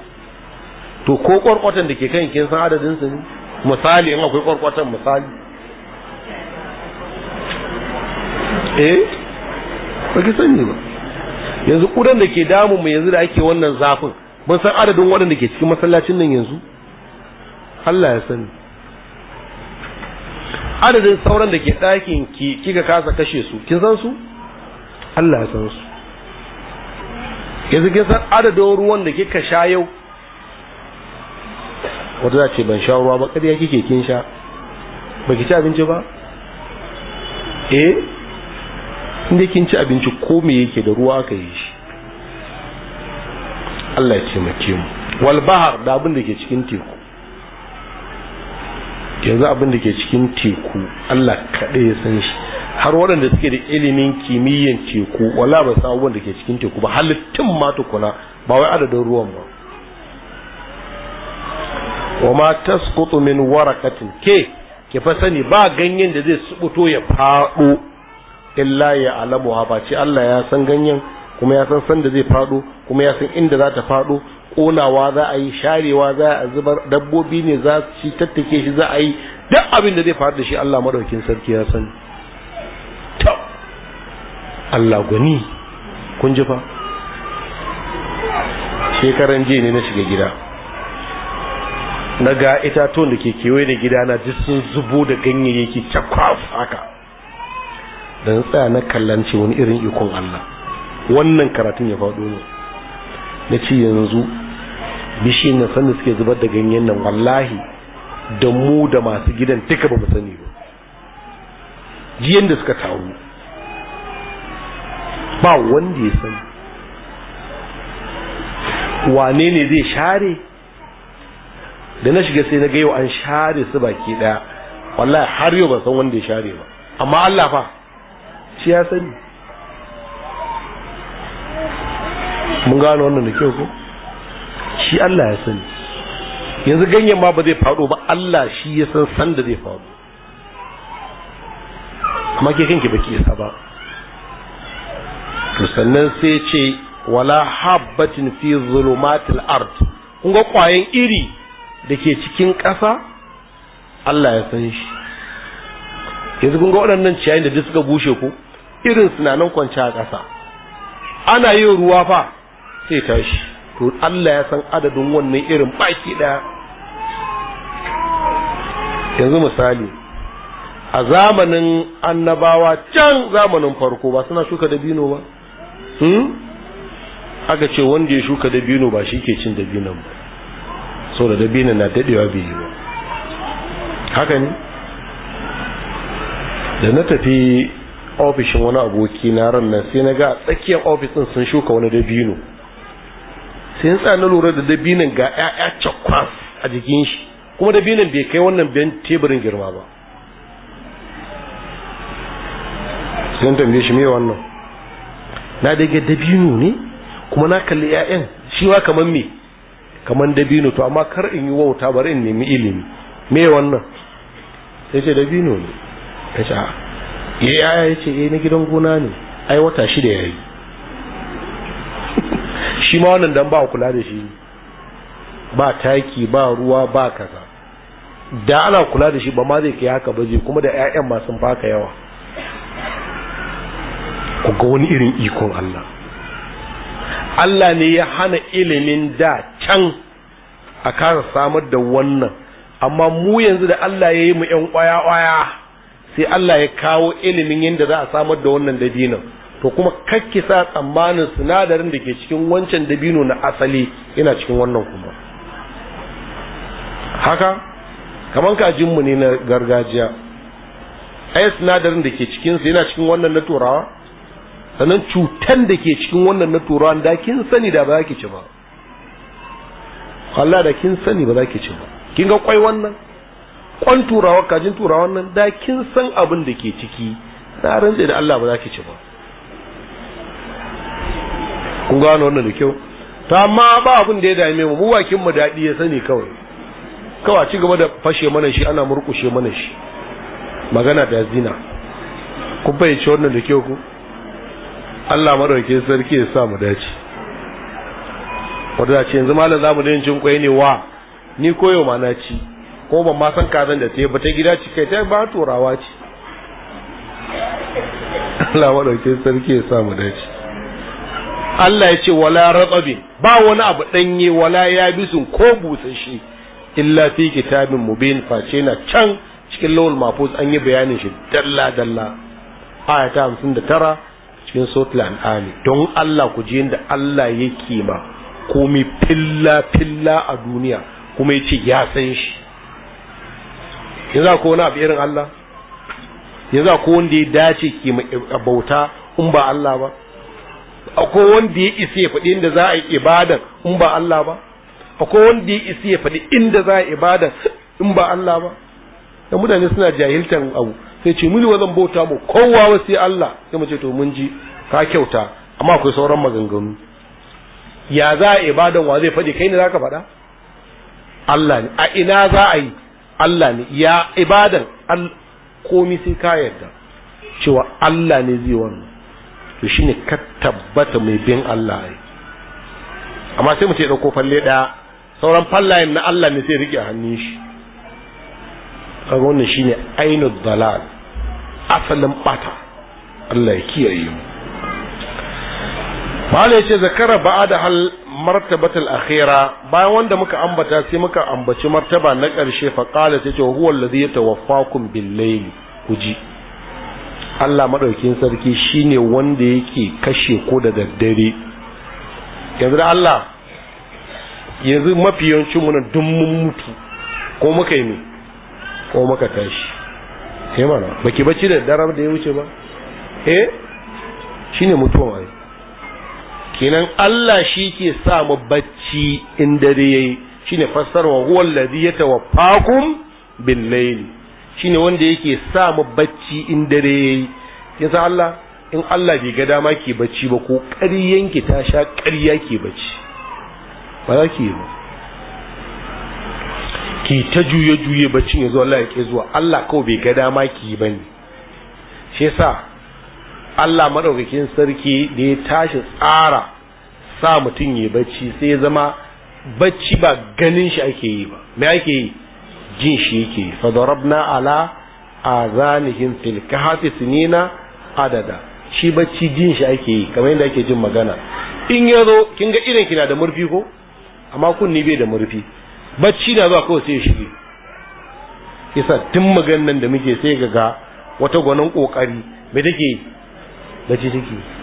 to ko kwarkwatan da ke kan kin san adadin su ne misali in akwai kwarkwatan misali eh ba ki sani ba yanzu kudan da ke damun mu yanzu da ake wannan zafin mun san adadin waɗanda ke cikin masallacin nan yanzu Allah ya sani adadin sauran da ke ɗakin ki kika kasa kashe su kin san su Allah ya san su yanzu kin san adadin ruwan da kika sha yau wata za ce ban sha ruwa ba kariya kike kin sha ba ki ci abinci ba eh inda kin ci abinci ko me yake da ruwa ka yi shi Allah ya taimake mu wal bahar da abin da ke cikin teku yanzu abin da ke cikin teku Allah kaɗai ya san shi har waɗanda suke da ilimin kimiyyan teku wala ba san abubuwan da ke cikin teku ba halittun ma tukuna ba wai adadin ruwan ba wa ma tasqutu min ke ke fa sani ba ganyen da zai subuto ya faɗo illa ya ha ba ce Allah ya san ganyen kuma ya san sanda zai fado kuma ya san inda za ta fado konawa za a yi sharewa za a zubar dabbobi ne za su ci tattake shi za a yi duk abin da zai faru da shi Allah madaukin sarki ya sani to Allah gani kun ji fa shekaran jiya ne na shiga gida na ga itatuwan da ke kewaye da gida na duk sun zubo da ganyayyaki cakwaf haka da na tsaya na kallanci wani irin ikon Allah wannan karatun ya faɗo ne na ci yanzu bishi na sanda suke zubar da ganyen nan wallahi da mu da masu gidan duka ba mu sani ba jiyan da suka taru ba wanda ya sani wane ne zai share da na shiga sai na ga yau an share su baki daya wallahi har yau ba san wanda ya share ba amma Allah fa shi ya sani mun gano wannan da kyau ko shi Allah ya sani yanzu ganyen ma ba zai faɗo ba Allah shi ya san san da zai faɗo amma ke kanki baki isa ba to sannan sai ce wala habbatin fi zulumatil ard kun ga kwayan iri da ke cikin ƙasa Allah ya san shi yanzu kun ga waɗannan ciyayin da duk suka bushe ko irin sunanan kwanci a ƙasa ana yin ruwa fa sai tashi to Allah ya san adadin wannan irin baki ɗaya yanzu misali a zamanin annabawa can zamanin farko ba suna shuka dabino ba hmm? aka ce wanda ya shuka dabino ba shi ke cin dabinon ba sau da dabinon na daɗewa biyu ba haka ne da na tafi ofishin wani aboki na ran nan sai na ga a tsakiyar ofis din sun shuka wani dabino sai ya tsaya lura da dabinin ga 'ya'ya cakwas a jikin shi kuma dabinin bai kai wannan ben teburin girma ba sai na tambaye shi me wannan na daga dabino ne kuma na kalli 'ya'yan shi ma kamar me kamar dabino to amma kar in yi wauta bari in nemi ilimi me wannan sai ce dabino ne ta ce yayi aya ya eh na gidan gona ne ai wata shida ya yi shi ma wannan dan ba kula da shi ba taki ba ruwa ba kaza da ana kula da shi ba ma zai kai haka ba zai kuma da 'ya'yan ma sun faka yawa ku ga wani irin ikon Allah Allah ne ya hana ilimin da can a kara samar da wannan amma mu yanzu da Allah ya yi mu 'yan kwaya-kwaya sai Allah ya kawo ilimin yadda za a samar da wannan dabinon to kuma kakki sa tsammanin sinadarin da ke cikin wancan dabino na asali yana cikin wannan kuma haka kaman kajinmu ne na gargajiya ai sinadarin da ke cikinsa yana cikin wannan na turawa sannan cutan da ke cikin wannan na turawa da kin sani da ba za ki ci ba Allah da kin sani ba za ki ci ba kin ga kwai wannan kwan turawa kajin turawa nan da kin san abin da ke ciki na rantse da Allah ba za ki ci ba kun gano wannan da kyau ta amma ba abin da ya dame mu mu bakin mu dadi ya sani kawai kawai ci gaba da fashe mana shi ana murkushe mana shi magana da zina kun fahimci wannan da kyau ku Allah madauke sarki ya sa mu dace wanda ce yanzu malam zamu da yin jin kwai ne wa ni koyo ma na ci ko ban ma san kazan da tayi ba ta gida ci kai ta ba turawa ce Allah dauke sarki ya sa mu dace Allah ya ce wala ratsabin ba wani abu danye wala yabisun ko busasshe illa fi kitabin mubin face na can cikin lawul mafuz an yi bayanin shi dalla dalla aya ta 59 cikin suratul an'am don Allah ku ji inda Allah yake ma komai filla filla a duniya kuma yace ya san shi yanzu ko wani abu irin Allah yanzu ko wanda ya dace ki bauta in ba Allah ba ko wanda ya isa ya faɗi inda za a yi ibadan in ba Allah ba ko wanda ya isa ya faɗi inda za a yi ibadan in ba Allah ba da mutane suna jahiltan abu sai ce muni wazan bauta mu kowa wa sai Allah sai mu ce to mun ji ka kyauta amma akwai sauran maganganu ya za a ibadan wa zai faɗi kai ne za ka faɗa Allah ne a ina za a yi Allah ne ya ibadan komi sai ka yarda cewa Allah ne zai wannan to shine ka tabbata mai bin Allah ne amma sai mu ce dauko falle daya sauran fallayen na Allah ne sai rike hannu shi kaga wannan shine ainul dalal asalin bata Allah ya kiyaye mu Malam ya ce zakara ba'a da hal martabatul akhira bayan wanda muka ambata sai muka ambaci martaba na ƙarshe fa qala tace huwa allazi yatawaffakum bil layli kuji Allah madaukin sarki shine wanda yake kashe ko da daddare yanzu da Allah yanzu mafi yawancin mu nan dun mun mutu ko muka yi ne ko muka tashi eh mana baki bacci da daren da ya wuce ba eh shine mutuwa kenan Allah shi ke sa mu bacci in dare yayi shine fassarwa huwa allazi yatawaffakum bil layl shine wanda yake sa mu bacci in dare yayi sa Allah in Allah bai ga dama ke bacci ba ko ƙaryan ki ta sha ƙarya ke bacci ba za ki yi ba ki ta juye juye baccin ya zo Allah ya ke zuwa Allah kawai bai ga dama ki yi ne shi yasa Allah madaukakin sarki da ya tashi tsara sa mutum ya bacci sai ya zama bacci ba ganin shi ake yi ba Mai ake yi jin shi yake fadarabna ala a zanihin filka hafi sinina adada shi bacci jin shi ake yi kamar yadda ake jin magana in ya zo kin ga irin kina da murfi ko amma kunni bai da murfi bacci na zuwa kawai sai ya shige yasa tun maganin da muke sai ga wata gwanin kokari mai take bacci take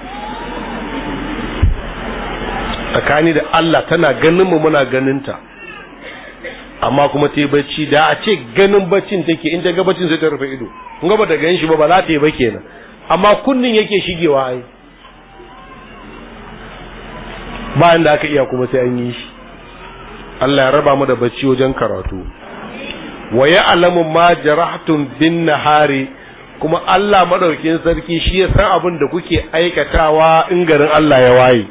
tsakani da Allah tana ganin mu muna ganinta amma kuma ta yi bacci da a ce ganin baccin take in ta ga baccin sai ta rufe ido kun ga bata gan shi ba ba za ta yi ba kenan amma kunnin yake shigewa ai ba inda aka iya kuma sai an yi shi Allah ya raba mu da bacci wajen karatu wa ya'lamu ma jarahtum bin nahari kuma Allah madaukin sarki shi ya san abin da kuke aikatawa in garin Allah ya waye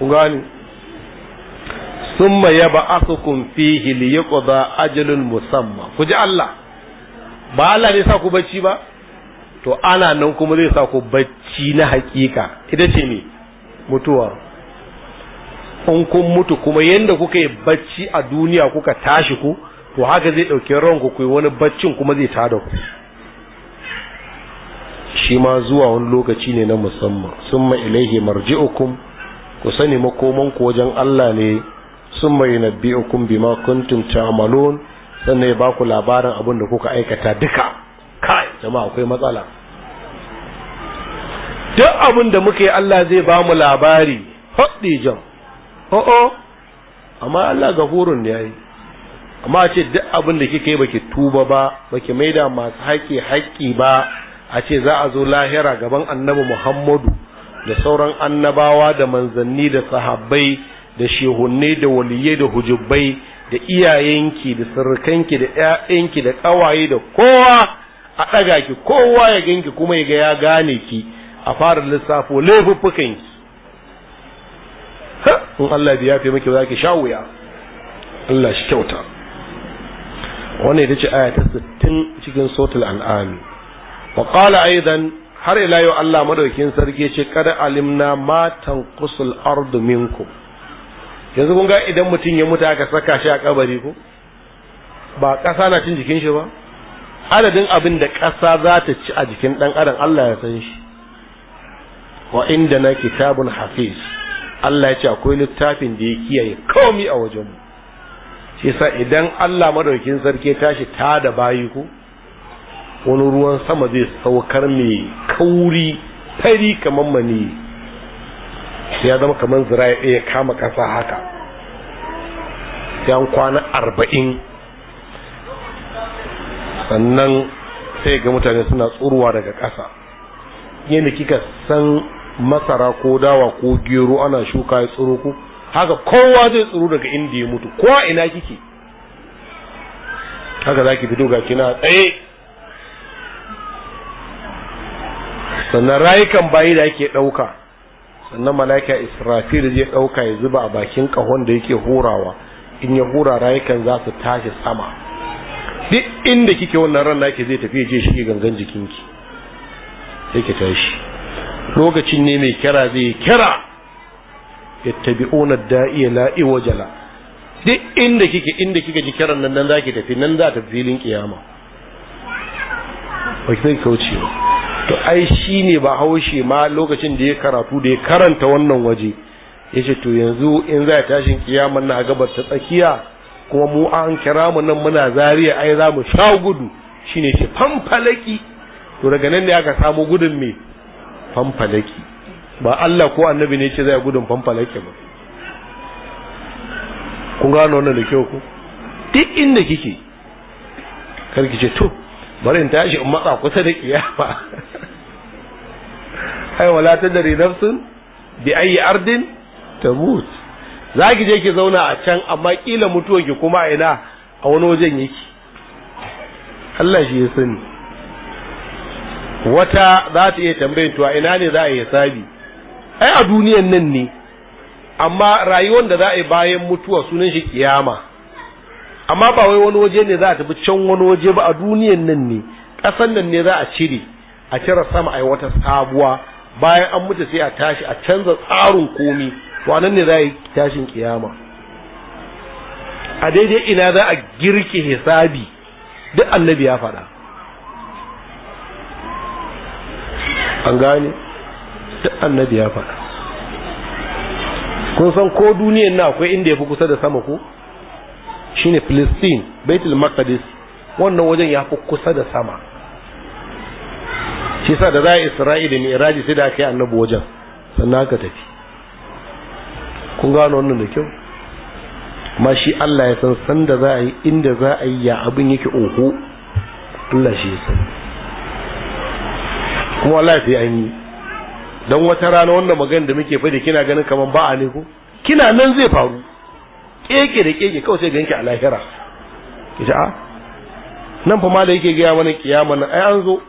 ku gani summa yab'athukum fihi liyaqda ajalun musamma ku ji Allah ba Allah ne sa ku bacci ba to ana nan kuma zai sa ku bacci na hakika ita ce ne mutuwa in kun mutu kuma yadda kuka yi bacci a duniya kuka tashi ku to haka zai ɗauki ranku ku yi wani baccin kuma zai tada ku shi ma zuwa wani lokaci ne na musamman summa ilaihi marji'ukum ku sani makoman ku wajen Allah ne sun mai nabbi'ukum bima kuntum ta'malun sannan ya baku labarin abin da kuka aikata duka kai jama'a akwai matsala duk abin da muke Allah zai ba mu labari haɗi jam o'o amma Allah gafurun ne yayi amma ce duk abin da kika baki tuba ba baki maida masu haƙi haƙi ba a ce za a zo lahira gaban annabi Muhammadu da sauran annabawa da manzanni da sahabbai da shehunne da waliyai da hujubbai da iyayenki da sirrikanki da ƴaƴanki da ƙawaye da kowa a ɗaga ki kowa ya ganki kuma ya ga ya gane ki a fara lissafo laifuffukan ha in Allah ya yafe miki za ki sha wuya Allah shi kyauta wannan ita ce aya ta 60 cikin suratul an'am wa qala aidan har ila yau Allah madaukin sarki ce kada alimna matan kusul ardu minkum yanzu kun ga idan mutum ya mutu aka saka shi a kabari ko ba ƙasa na cin jikin shi ba adadin abin da kasa za ta ci a jikin ɗan adam Allah ya san shi wa inda na kitabun hafiz Allah ya ce akwai littafin da ya kiyaye komi a wajenmu shi idan Allah madaukin sarki tashi ta da bayi ko wani ruwan sama zai saukar mai kauri fari kamar mani ya zama kamar zira ya kama ƙasa haka yan kwana arba'in sannan sai ga mutane suna tsurwa daga ƙasa yadda kika san masara ko dawa ko gero ana shuka ya tsoro ku haka kowa zai tsoro daga inda ya mutu kowa ina kike haka za ki fito ga kina tsaye sannan rayukan bayi da ake ɗauka sannan mala'ika israfil zai ɗauka ya zuba a bakin ƙahon da yake hurawa in ya hura rayukan za su tashi sama duk inda kike wannan ran nake zai tafi je shi gangan jikinki sai ki tashi lokacin ne mai kira zai kira yattabi'una da'iya la iwajala duk inda kike inda kika ji kiran nan nan zaki tafi nan za ta filin kiyama ba ki sai kaucewa to ai shi ne ba haushe ma lokacin da ya karatu da ya karanta wannan waje ya ce to yanzu in za a tashin kiyaman na gabar ta tsakiya kuma mu an kira mu nan muna zariya ai za mu sha gudu shi ne ce fanfalaki to daga nan ne aka samu gudun me fanfalaki ba Allah ko annabi ne ce zai gudun fanfalaki ba kun gano wannan da kyau ko duk inda kike karki ce to bari in tashi in matsa kusa da kiyama ai wala tadri nafsun bi ayi ardin tamut zaki je ki zauna a can amma kila mutuwa ki kuma ina a wani wajen yake Allah shi ya sani wata za ta iya tambayin tuwa ina ne za a yi sabi ai a duniyan nan ne amma rayuwar da za a yi bayan mutuwa sunan shi kiyama amma ba wai wani waje ne za a tafi can wani waje ba a duniyan nan ne ƙasan nan ne za a cire a cire sama ai wata sabuwa bayan an mutu sai a tashi a canza tsarin komi to nan ne za a yi tashin kiyama a daidai ina za a girke hisabi duk annabi ya faɗa an gane duk annabi ya faɗa kun san ko duniyan na akwai inda ya fi kusa da sama ko shine Filistin Baitul Maqdis wannan wajen ya fi kusa da sama shi sa da za Isra'ila mai iraji sai da aka yi annabu wajen sannan aka tafi kun gano wannan da kyau ma shi Allah ya san sanda za a yi inda za a yi ya abin yake oho Allah shi ya san kuma Allah sai an yi don wata rana wannan magana da muke fadi kina ganin kamar ba'a ne ko kina nan zai faru keke da keke kawai sai ganki a lahira yace a ah, nan fa da yake ga wani kiyama nan ai an zo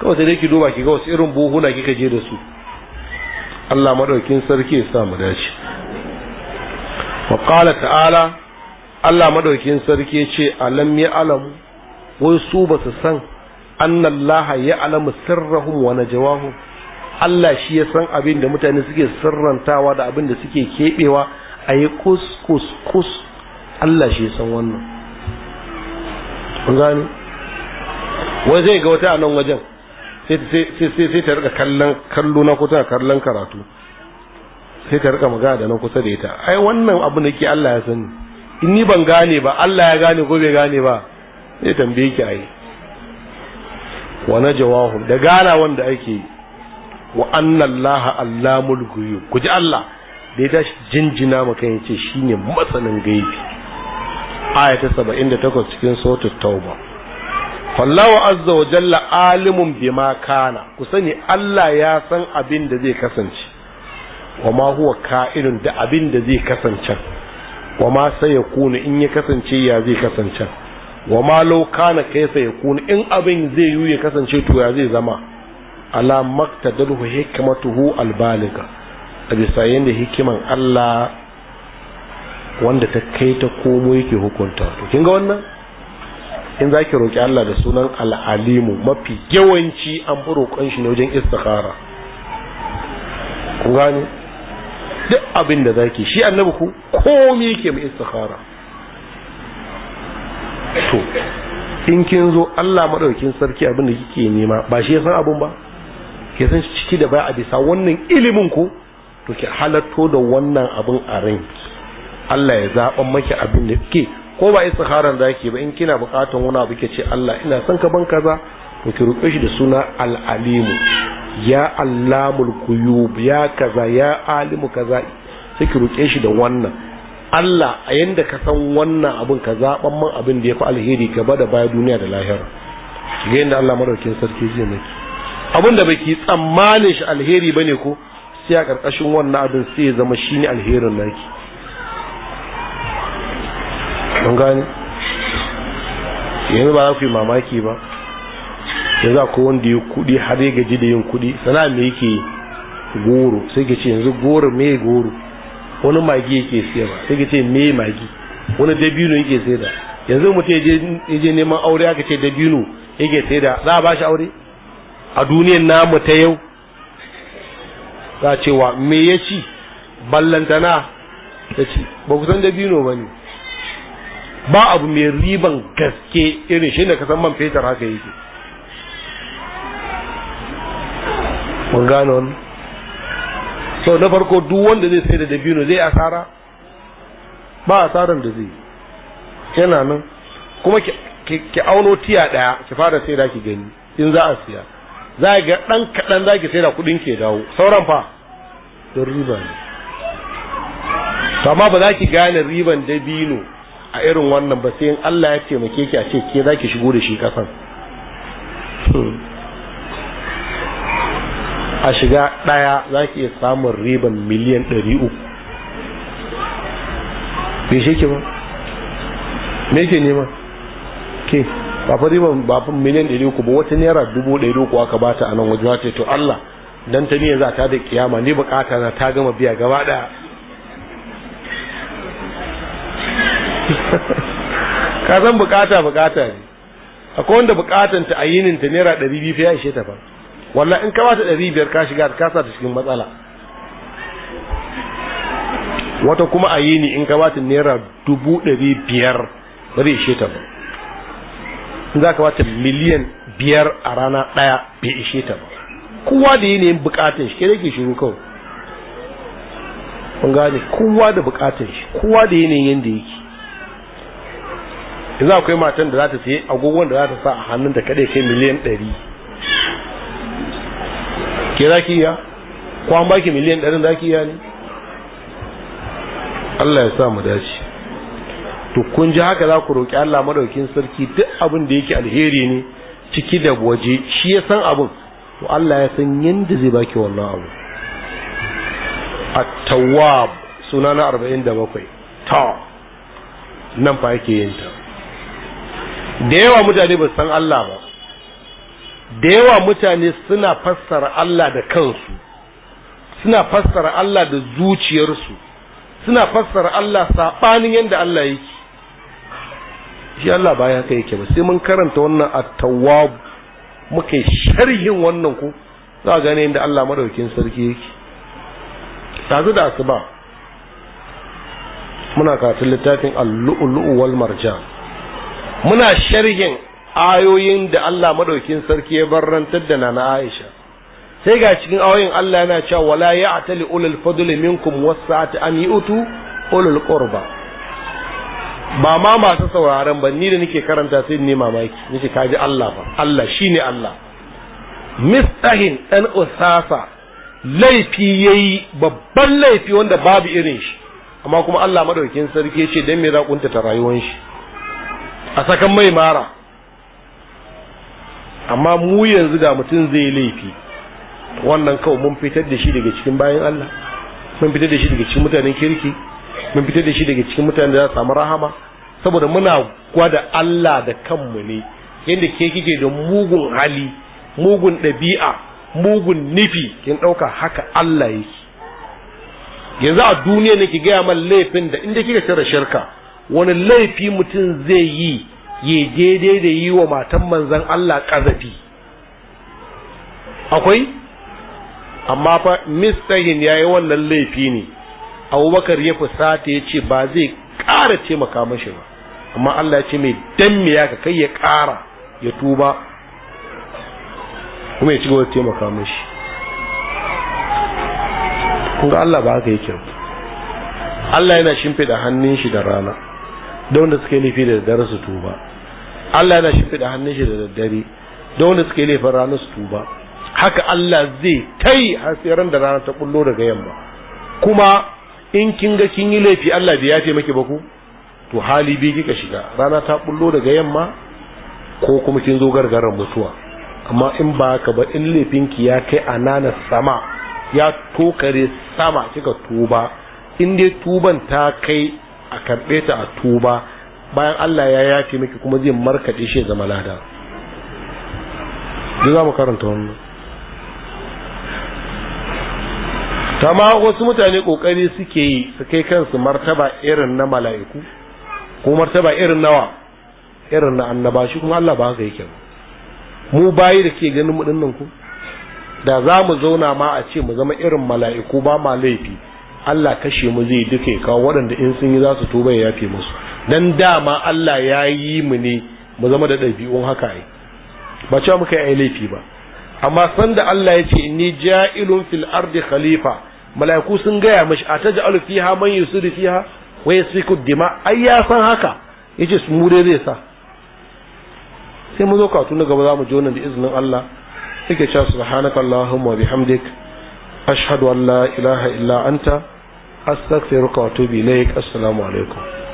kawai sai ki duba ki ga wasu irin buhuna kika je da su Allah madaukin sarki ya sa mu dace wa qala ta'ala Allah madaukin sarki ya ce alam ya alamu wai su ba su san annallaha ya alamu sirrahum wa najawahum Allah shi ya san abin da mutane suke sirrantawa da abin da suke kebewa a yi kus kus kus Allah shi san wannan kun gani wai zai ga wata a nan wajen sai ta rika kallon kallo na kusa kallon karatu sai ta rika magana da na kusa da ita ai wannan abu da ke Allah ya sani in ni ban gane ba Allah ya gane ko bai gane ba zai tambaye ki ai wa jawahu da gana wanda ake yi wa anna allaha allamul ghuyub ku ji Allah da ya tashi jinjina maka yace ce shi ne matsanin gaibi aya ta saba'in da takwas cikin sautar tauba fallawa azza wa jalla alimun bima kana ku sani allah ya san abin da zai kasance wa ma huwa ka'ilun da abin da zai kasance wa ma sai ya kuna in ya kasance ya zai kasance wa ma law kana kai sai ya kuna in abin zai yi ya kasance to ya zai zama ala maktadahu hikmatuhu albaliga a bisa yadda hikiman Allah wanda ta kai ta komo yake hukunta to kin ga wannan in za ki roƙi Allah da sunan al'alimu mafi yawanci an fi roƙon shi ne wajen istikhara ku gane duk abin da zaki shi annabi ku komai yake mai istikhara to in kin zo Allah madaukin sarki abin da kike nema ba shi ya san abun ba ke san ciki da baya a bisa wannan ilimin ku to ki halatto da wannan abin a rai Allah ya zaɓan maki abin da ke ko ba isa istikharan zaki ba in kina buƙatar wani abu ke ce Allah ina son ka ban kaza to ki roƙe shi da suna al ya allamul quyub ya kaza ya alimu kaza sai ki roƙe shi da wannan Allah a yanda ka san wannan abin ka zaɓan man abin da ya fi alheri gaba da baya duniya da lahira ga yanda Allah madaukin sarki zai maki abin da baki tsammanin shi alheri bane ko sai a ƙarƙashin wannan abin sai ya zama shi ne alherin naki don gani yanzu ba za ku yi mamaki ba yanzu ko wanda ya kuɗi har ya gaji da yin kuɗi sana me yake goro sai ka ce yanzu goro me goro wani magi yake siya ba sai ka ce me magi wani dabino yake sai da yanzu mutum ya je neman aure aka ce dabino yake sai da za a ba shi aure a duniyar namu ta yau za cewa me ya ci ballantana ta ci ba ku san dabino ba ne ba abu mai riban gaske irin shi ne ka san man fetur haka yake mun gano wani so na farko duk wanda zai sai da dabino zai asara ba asaran da zai yana nan kuma ki auno tiya daya ki fara sai da ki gani in za a siya za ga dan kaɗan za ki sai da kudin ke dawo sauran fa cikin riba ne to amma ba za ki gane riban dabino a irin wannan ba sai in Allah ya taimake ki a ce ke za ki shigo da shi kasan hmm. a shiga ɗaya za ki iya samun riban miliyan ɗari uku bai shi ke ba me ke nema ke ba fa riban ba fa miliyan ɗari uku ba wata naira dubu aka bata a nan wajen wace to Allah dan ta ne za ta da kiyama ni bukata na ta gama biya gaba da [LAUGHS] ka san bukata bukata ne akwai wanda bukatan ta ayinin ta naira 200 ya ishe ta fa wallahi in ka ɗari biyar ka shiga ka sa ta cikin matsala wata kuma ayini in ka dubu ɗari biyar ba zai ishe ta ba in za ka ta miliyan biyar a rana daya bai ishe ta ba kowa da yanayin bukatun shi kere ke shiru kawai kun gane kowa da bukatun shi kowa da yanayin yadda yake yanzu akwai matan da za ta sayi agogon da za ta sa a hannun da kaɗai kai miliyan ɗari ke za ki iya ko an baki miliyan ɗarin za ki iya ne Allah ya sa mu dace to kun ji haka za ku roƙi Allah madaukin sarki duk abin da yake alheri ne ciki da waje shi ya san abin to Allah ya san yanda zai baki wannan abu at-tawwab suna na 47 ta nan fa yake yin ta da yawa mutane ba san Allah ba da yawa mutane suna fassara Allah da kansu suna fassara Allah da zuciyarsu suna fassara Allah saɓanin yadda Allah yake shi Allah ba ya kai yake ba sai mun karanta wannan at-tawwab muka sharhin wannan ku za a gane inda Allah madaukin sarki yake tazu da asuba muna karatun littafin al lulu wal marjan muna sharhin ayoyin da Allah madaukin sarki ya barrantar da nana Aisha sai ga cikin ayoyin Allah yana cewa wala ya'tali ulul fadli minkum wasa'ati an yu'tu ulul qurba ba ma masu sauraron ba ni da nake karanta sai ne mamaki nace kaji Allah fa Allah shi ne Allah mistahin ɗan usasa laifi ya yi babban laifi wanda babu irin shi amma kuma Allah madaukin sarki ce don mai za ta rayuwan shi a sakan mai mara amma mu yanzu da mutum zai laifi wannan kawai mun fitar da shi daga cikin bayan Allah mun fitar da shi daga cikin mutanen kirki mun fitar da shi daga cikin mutanen da za su samu rahama saboda muna gwada Allah da kanmu ne yadda ke kike da mugun hali mugun ɗabi'a mugun nufi kin ɗauka haka Allah yake yanzu a duniya ne ki gaya man laifin da inda kika tara shirka wani laifi mutum zai yi ya daidai da yi wa matan manzan Allah ƙazafi akwai amma fa mistahin ya yi wannan laifi ne abubakar ya fusata ya ce ba zai ƙara taimaka mashi ba amma allah ce mai dammiya ka kai ya ƙara ya tuba kuma ya ci gaba da taimaka mashi kun allah ba haka yake allah yana shimfiɗa hannun shi da rana da wanda suka yi laifi da daddare su tuba allah yana shimfiɗa hannun shi da daddare da wanda suka yi laifin rana su tuba haka allah zai kai har sai ran da rana ta kullo daga yamma kuma in kin ga kin yi laifi Allah bai yafe maki ba ku to hali bi kika shiga rana ta bullo daga yamma ko kuma kin zo gargaran mutuwa amma in ba ka ba in laifin ki ya kai anana sama ya tokare sama kika tuba in dai tuban ta kai a karɓe ta a tuba bayan Allah ya yafe miki kuma zai markaɗe shi zama lada. Duk za mu karanta wannan. kama wasu mutane kokari suke yi su kai kansu martaba irin na mala'iku ko martaba irin nawa irin na annaba shi kuma Allah ba haka yake ba mu bayi da ke ganin mu ku da za mu zauna ma a ce mu zama irin mala'iku ba ma laifi Allah kashe mu zai duka ya kawo waɗanda in sun yi za su tuba ya yafe musu dan dama Allah ya yi mu ne mu zama da ɗabi'un haka ai ba cewa muka yi laifi ba amma da Allah ya ce inni ja'ilun fil ardi khalifa mala'iku sun gaya mashi a ta ja'alu fiha man yusiru fiha wa yasfiku dima ai ya san haka yace su mure zai sa sai mu zo ka tuna gaba zamu mu ji da izinin Allah ke cewa subhanaka allahumma wa bihamdik ashhadu an la ilaha illa anta astaghfiruka wa atubu ilaik assalamu alaikum